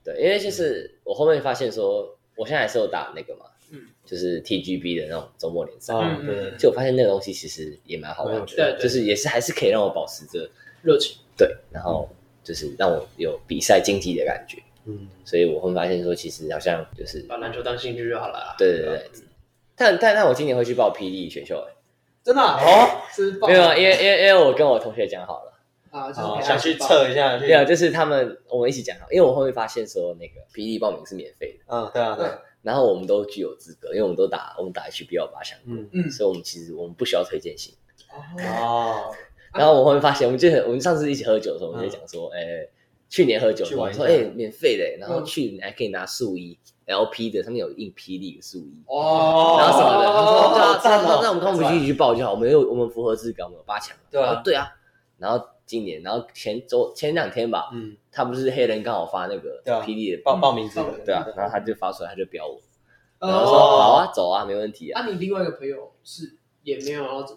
對，因為就是我後面發現說，我現在還是有打那個嘛，嗯，就是 TGB 的那種週末聯賽，啊、嗯，對，就我發現那個東西其實也蠻好玩的，對，對，對，就是也是還是可以讓我保持着熱情，對，然後，嗯，就是讓我有比賽競技的感覺，嗯，所以我會發現說，其實好像就是把籃球當興趣就好了。嗯、對對對，嗯、但但，但我今年會去報 PD 選秀哎、欸，真的、啊、哦、欸是是報名，沒有、啊，因為因為因為我跟我同學講好了啊，就是哦、想去測一下。對啊就是他們我們一起講好，因為我後面發現說那個 PD 報名是免費的啊、嗯，對啊對，然後我們都具有資格，因為我們都打我們打 HBL 八強，嗯嗯，所以我們其實我們不需要推薦信哦。 啊、然後我後面發現，我們就我們上次一起喝酒的時候，我們就講說，誒、啊欸，去年喝酒的時候我說，說誒、欸，免費的、欸，然後去年還可以拿素衣 LP 的，上面有印霹靂的素衣，哦，然後什麼的，對、哦、啊，那、啊、那我們報名一起去報就好，我們有我們符合資格，我們有八強，對啊，對啊，然後今年，然後前周前兩天吧，嗯，他不是黑人剛好發那個霹靂的報報，報名字、嗯、對啊，然後他就發出來他就標我，嗯、然後說好啊，走啊，沒問題啊，那你另外一個朋友是也沒有，然後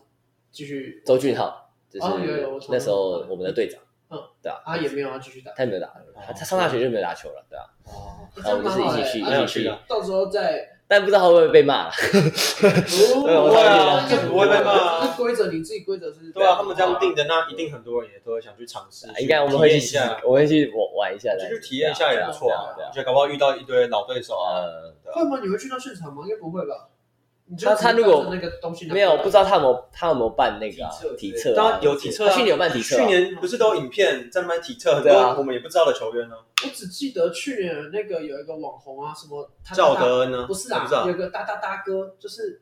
繼續周俊浩。就是那時候我們的隊長，嗯，對啊，啊也沒有要繼續打，他也沒有打，他上大學就沒有打球了，對吧、啊？哦、啊，那蠻好的、欸，一起去的，到時候再，但不知道他會不會被罵，不、哦、會、 哦哦、啊，不會被罵，是規則，你自己規則是。對啊，他們這樣定的，那一定很多人也都會想去嘗試，應該我們會去一下，我們去玩玩一下的，就去體驗一下也不錯啊，對啊、嗯、對，覺得搞不好遇到一堆老對手啊，會嗎？你會去到現場嗎？應該不會吧。他他如果，他如果沒有，不知道他有沒有，他有沒有辦那個、啊、體測？體測啊、他有體測、啊，去年有辦體測、啊，去年不是都有影片在辦體測，對、哦、啊，我們也不知道的球員呢、啊。我只記得去年那個有一個網紅啊，什麼他大大趙德恩呢？不是啊，有個噠噠噠哥，就是。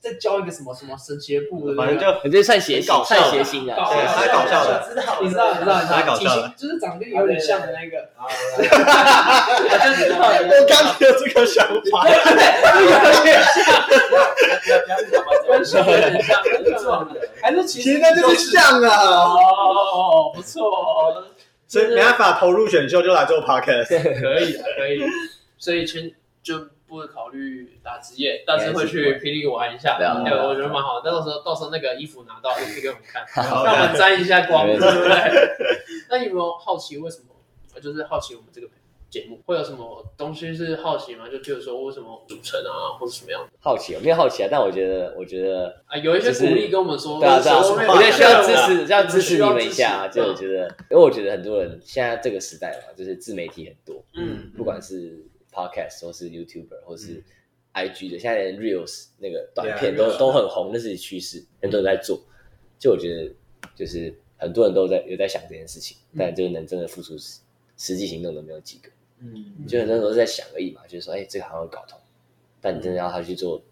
再教一個什麼什麼神學部，反正就你這算邪搞笑，算邪教的，太搞笑了。你知道，你知道，你知道，太搞笑了。就是長得有點像的那個，哈我是，來我剛也有這個想法，哈哈哈哈哈。不要不要，怎麼分手？很像很壯的，還是其實那就不像,像,像,像,像,像,像,像 啊。哦，不錯。所以沒辦法投入選秀，就來做 podcast，可以的，可以。所以全，就。不會考慮打職業，但是會去霹靂玩一下。嗯、對,、啊嗯對啊，我覺得蠻好,好。那到時候到時候那個衣服拿到，也可以給我們看，讓我們沾一下光，對不、啊、對,對,對,對、嗯？對對嗯、對那有沒有好奇為什麼？就是好奇我們這個節目會有什麼東西是好奇嗎？就就是說為什麼組成啊，或者什麼樣的。好奇，我沒有好奇啊。但我覺得，我覺得啊，有一些鼓勵跟我們說，對啊，就是、對啊是我覺得需要支持，要支持、啊、要你們一下啊。就我覺得，因為我覺得很多人現在這個時代吧，就是自媒體很多，嗯，不管是。Podcast，或是 YouTuber，或是 IG 的，現、嗯、在連 Reels 那個短片都、啊、都很紅，啊、那是趨勢，人、嗯、都在做。就我覺得，就是很多人都有在有在想這件事情，但這個人真的付出實、嗯、實際行動都沒有幾個。嗯，就很多時候在想而已嘛，就是說，哎、欸，這個好像搞通，但你真的要他去做，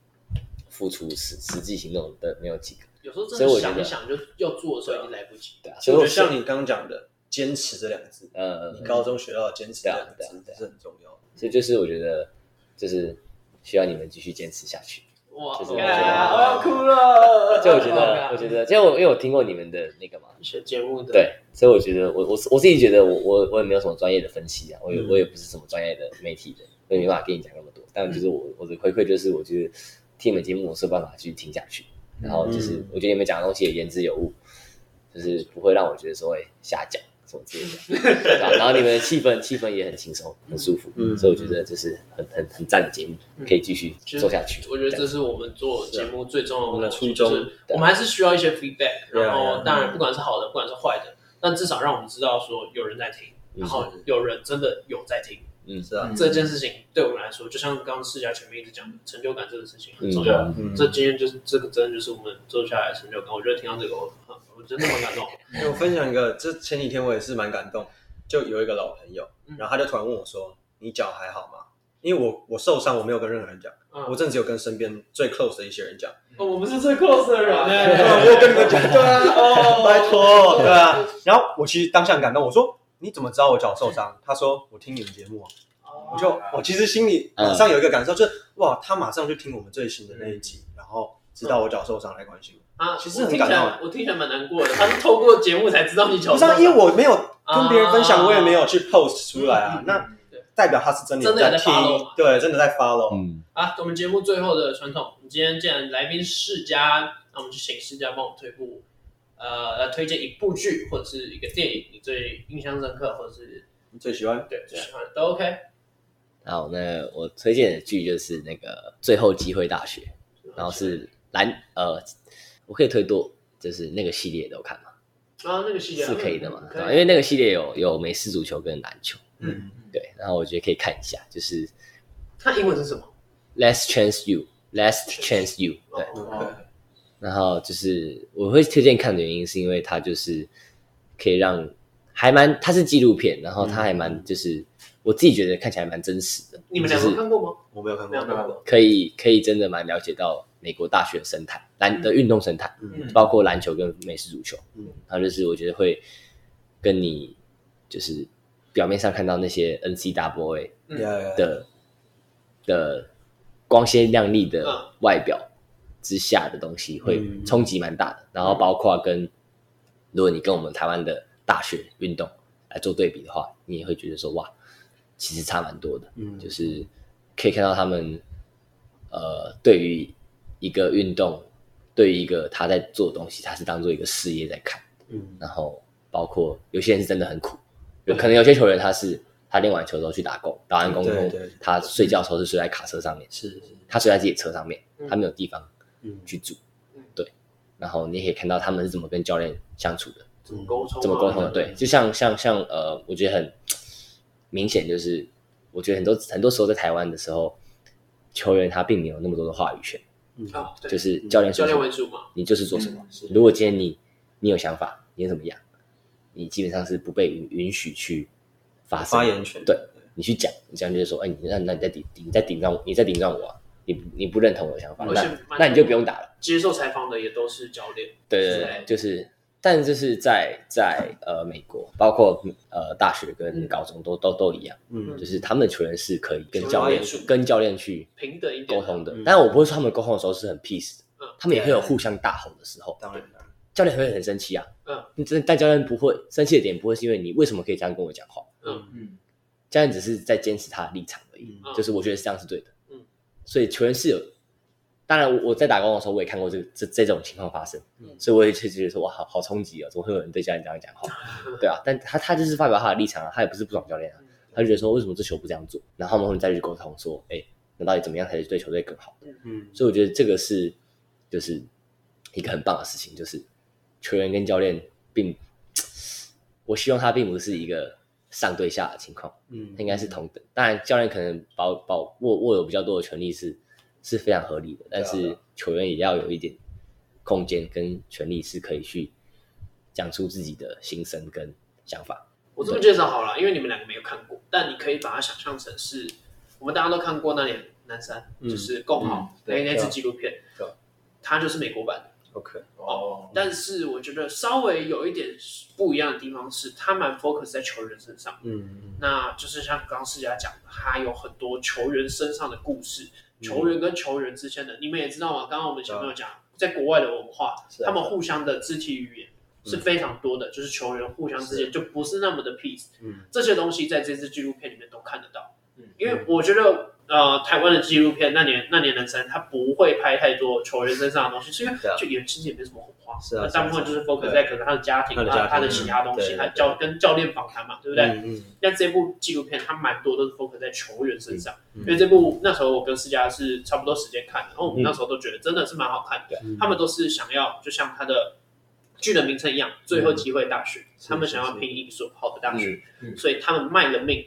付出實實際行動的沒有幾個。有時候真的想一想就要做的時候已經來不及。對、啊，對啊，所以我覺得像你剛講的。堅持這兩個字，呃、嗯，你高中學到堅持，兩個字，嗯啊啊啊啊、這是很重要。所以就是我覺得，就是需要你們繼續堅持下去。哇，就是就 OK 啊，我要哭了。就我覺得，OK 啊，我覺得，因為我因為我聽過你們的那個嘛，學節目的。對，所以我覺得我，我我我自己覺得我，我我我也沒有什麼專業的分析啊，我也我也不是什麼專業的媒體的人，我、嗯、也沒辦法跟你講那麼多。但就是我我的回饋就是，我覺得聽你們節目我是有辦法去聽下去、嗯，然後就是我覺得你們講的東西也言之有物，就是不會讓我覺得說會、哎、瞎講。總結一下， 然後你們的氣氛氣 氛也很輕鬆，很舒服，嗯，所以我覺得這是很、嗯、很很讚的節目、嗯，可以繼續做下去。我覺得這是我們做節目最重要的初衷，我們還是需要一些 feedback，然後當然不管是好的，不管是壞的，但至少讓我們知道說有人在聽，然後有人真的有在聽。是是是嗯，是啊、嗯，這件事情對我們來說，就像剛剛世加前面一直講，成就感這個事情很重要。嗯，嗯這今天就是這個，真的就是我們做下來的成就感、嗯，我覺得聽到這個我，我真的蠻感動。因 為我分享一個，這前幾天我也是蠻感動，就有一個老朋友，嗯、然後他就突然問我說：“你腳還好嗎？”因為我我受傷，我沒有跟任何人講，嗯、我這陣有跟身邊最 close 的一些人講。嗯、哦，我們是最 close 的人哎，對，我沒有跟你們講，對啊，哦，拜託，對啊，然後我其實當下感動，我說。你怎麼知道我腳受傷、嗯？他說我聽你們節目、啊，oh, 我就我其實心裡馬、uh, 上有一個感受，就是哇，他馬上就聽我們最新的那一集，嗯、然後知道我腳受傷來關心我、嗯。啊，其實很感動。我聽起來蠻難過的， 他是透過節目才知道你腳受傷，因為我沒有跟別人分享、啊，我也沒有去 post 出來啊、嗯嗯。那代表他是真的在聽，對，真的，在 follow, 對真的在 follow。嗯、啊，我們節目最後的傳統，我們今天既然來賓世加，那我們就請世加幫我退貨。呃，推薦一部劇或者是一個電影，你最印象深刻，或者是你最喜歡？對，最喜歡的、yeah. 都 OK。然後呢，我推薦的劇就是那個《最後機會大學》，後然後是籃呃，我可以推多，就是那個系列都看嘛？啊，那個系列、啊、是可以的嘛、okay.？因為那個系列有有美式足球跟籃球，嗯，嗯對。然後我覺得可以看一下，就是它、嗯、英文是什麼？Last Chance U, Last Chance U， 對。哦哦對然後就是我會推薦看的原因，是因為它就是可以讓還蠻它是紀錄片，然後它還蠻就是我自己覺得看起來蠻真實的。你們兩個看過嗎？我沒有看過，沒有看過。可以可以真的蠻了解到美國大學生態籃、嗯、的運動生態、嗯，包括籃球跟美式足球、球，嗯，然後就是我覺得會跟你就是表面上看到那些 NCAA 的、嗯、的光鮮亮麗的外表。嗯嗯之下的東西會衝擊蠻大的，mm -hmm. 然後包括跟如果你跟我們台灣的大學運動來做對比的話，你也會覺得說哇，其實差蠻多的。Mm -hmm. 就是可以看到他們呃，對於一個運動，對於一個他在做的東西，他是當做一個事業在看。Mm -hmm. 然後包括有些人是真的很苦，有、okay. 可能有些球員他是他練完球之後去打工，打完工之後他睡覺的時候是睡在卡車上面，是、mm -hmm. 是，他睡在自己的車上面，mm -hmm. 他沒有地方。去組，對，然後你也可以看到他們是怎麼跟教練相處的，怎麼溝通、啊，怎麼溝通的。對，就像像像呃，我覺得很明顯，就是我覺得很多很多時候在台灣的時候，球員他並沒有那麼多的話語權。嗯，就是教練說什麼，說、嗯，教練為主嘛，你就是做什麼。嗯、如果今天你你有想法，你怎麼樣，你基本上是不被允許去發發言權對對對。對，你去講，你講就是說，哎，你那那你在頂頂你在頂撞我，你在頂撞我、啊。你不你不認同我的想法，嗯、那那你就不用打了。接受採訪的也都是教練，對，對對，就是，但就是在在呃美國，包括呃大學跟高中都、嗯、都都一樣，嗯，就是他們的球員是可以跟教練跟教練去平等一點溝通的。但、嗯、我不會說他們溝通的時候是很 peace 的，嗯、他們也會有互相大吼的時候。嗯嗯、對當然、啊、對教練會很生氣啊。嗯，但教練不會生氣的點不會是因為你為什麼可以這樣跟我講話？嗯嗯，教練只是在堅持他的立場而已、嗯，就是我覺得這樣是對的。嗯對所以球員是有，當然我我在打工的時候我也看過這個、這這種情況發生，嗯，所以我也確實覺得說哇好好衝擊啊，怎麼會有人對教練這樣講？哈， 對啊，但他他就是發表他的立場啊，他也不是不爽教練啊，他就覺得說為什麼這球不這樣做？然後他們後面，再去溝通說，哎、嗯欸，那到底怎麼樣才是對球隊更好？嗯，所以我覺得這個是就是一個很棒的事情，就是球員跟教練並，我希望他並不是一個。上對下的情況，嗯，應該是同等。當然，教練可能保保握握有比較多的權利是，是是非常合理的。但是球員也要有一點空間跟權利，是可以去講出自己的心聲跟想法。嗯、我這麼介紹好了，因為你們兩個沒有看過，但你可以把它想象成是我們大家都看過那年南山，就是共好《共、嗯、好》那那次紀錄片，它就是美國版的。哦、okay, oh，但是我覺得稍微有一點不一樣的地方是，他蠻 focus 在球員身上，嗯，那就是像剛剛世加講的，他有很多球員身上的故事，球，嗯、員跟球員之間的，你們也知道嗎？剛剛我們前面有講，在國外的文化，啊，他們互相的肢體語言是非常多的，嗯、就是球員互相之間就不是那麼的 peace，嗯，這些東西在這次紀錄片裡面都看得到，嗯，因為我覺得。呃，台灣的紀錄片那年那年的時候，他不會拍太多球員身上的東西，其實就也、 啊、其實也沒什麼火花，那、啊、大部分就是 focus 在可能他的家庭啊、他的，的其他東西、他、嗯嗯、教對對對跟教練訪談嘛，對不對、嗯嗯？但這部紀錄片，他蠻多都是 focus 在球員身上，嗯嗯、因為這部那時候我跟世加是差不多時間看，然後我們那時候都覺得真的是蠻好看的、啊嗯。他們都是想要就像他的劇的名稱一樣，嗯《最後機會大學》嗯，他們想要拼一所好的大學，所以他們賣了命。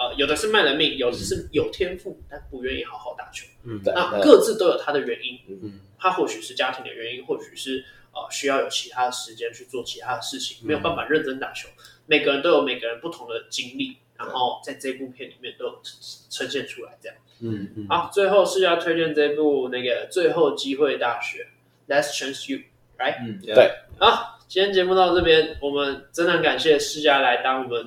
呃、有的是賣了命，有的是有天賦、嗯、但不願意好好打球。嗯對，那各自都有他的原因。嗯，他或許是家庭的原因，嗯、或許是、呃、需要有其他的時間去做其他的事情、嗯，沒有辦法認真打球。每個人都有每個人不同的經歷，嗯、然後在這部片裡面都有呈現出來。這樣，嗯、嗯好，最後是要推薦這部那個《最後機會大學》，Last Chance U，right？嗯，yeah. 對。好。今天節目到這邊，我們真的很感謝世加來當我們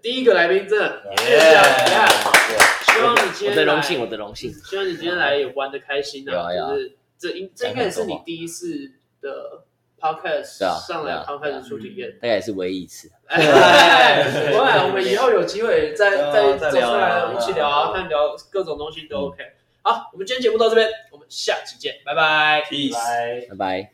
第一個來賓，真的謝、yeah、希望你今天來，我的榮幸，我的榮幸，希望你今天來也玩得開心啊！對啊,啊，這應這應該也是你第一次的 podcast 上來 podcast 初體驗，大概、啊啊啊嗯嗯、也是唯一一次、啊。不 對，我們以後有機會再再、 啊、再聊啊，一起聊啊，看聊,聊,聊,聊,聊,聊各種東西都 OK。嗯、好，我們今天節目到這邊，我們下期見，拜拜，peace，拜拜。拜拜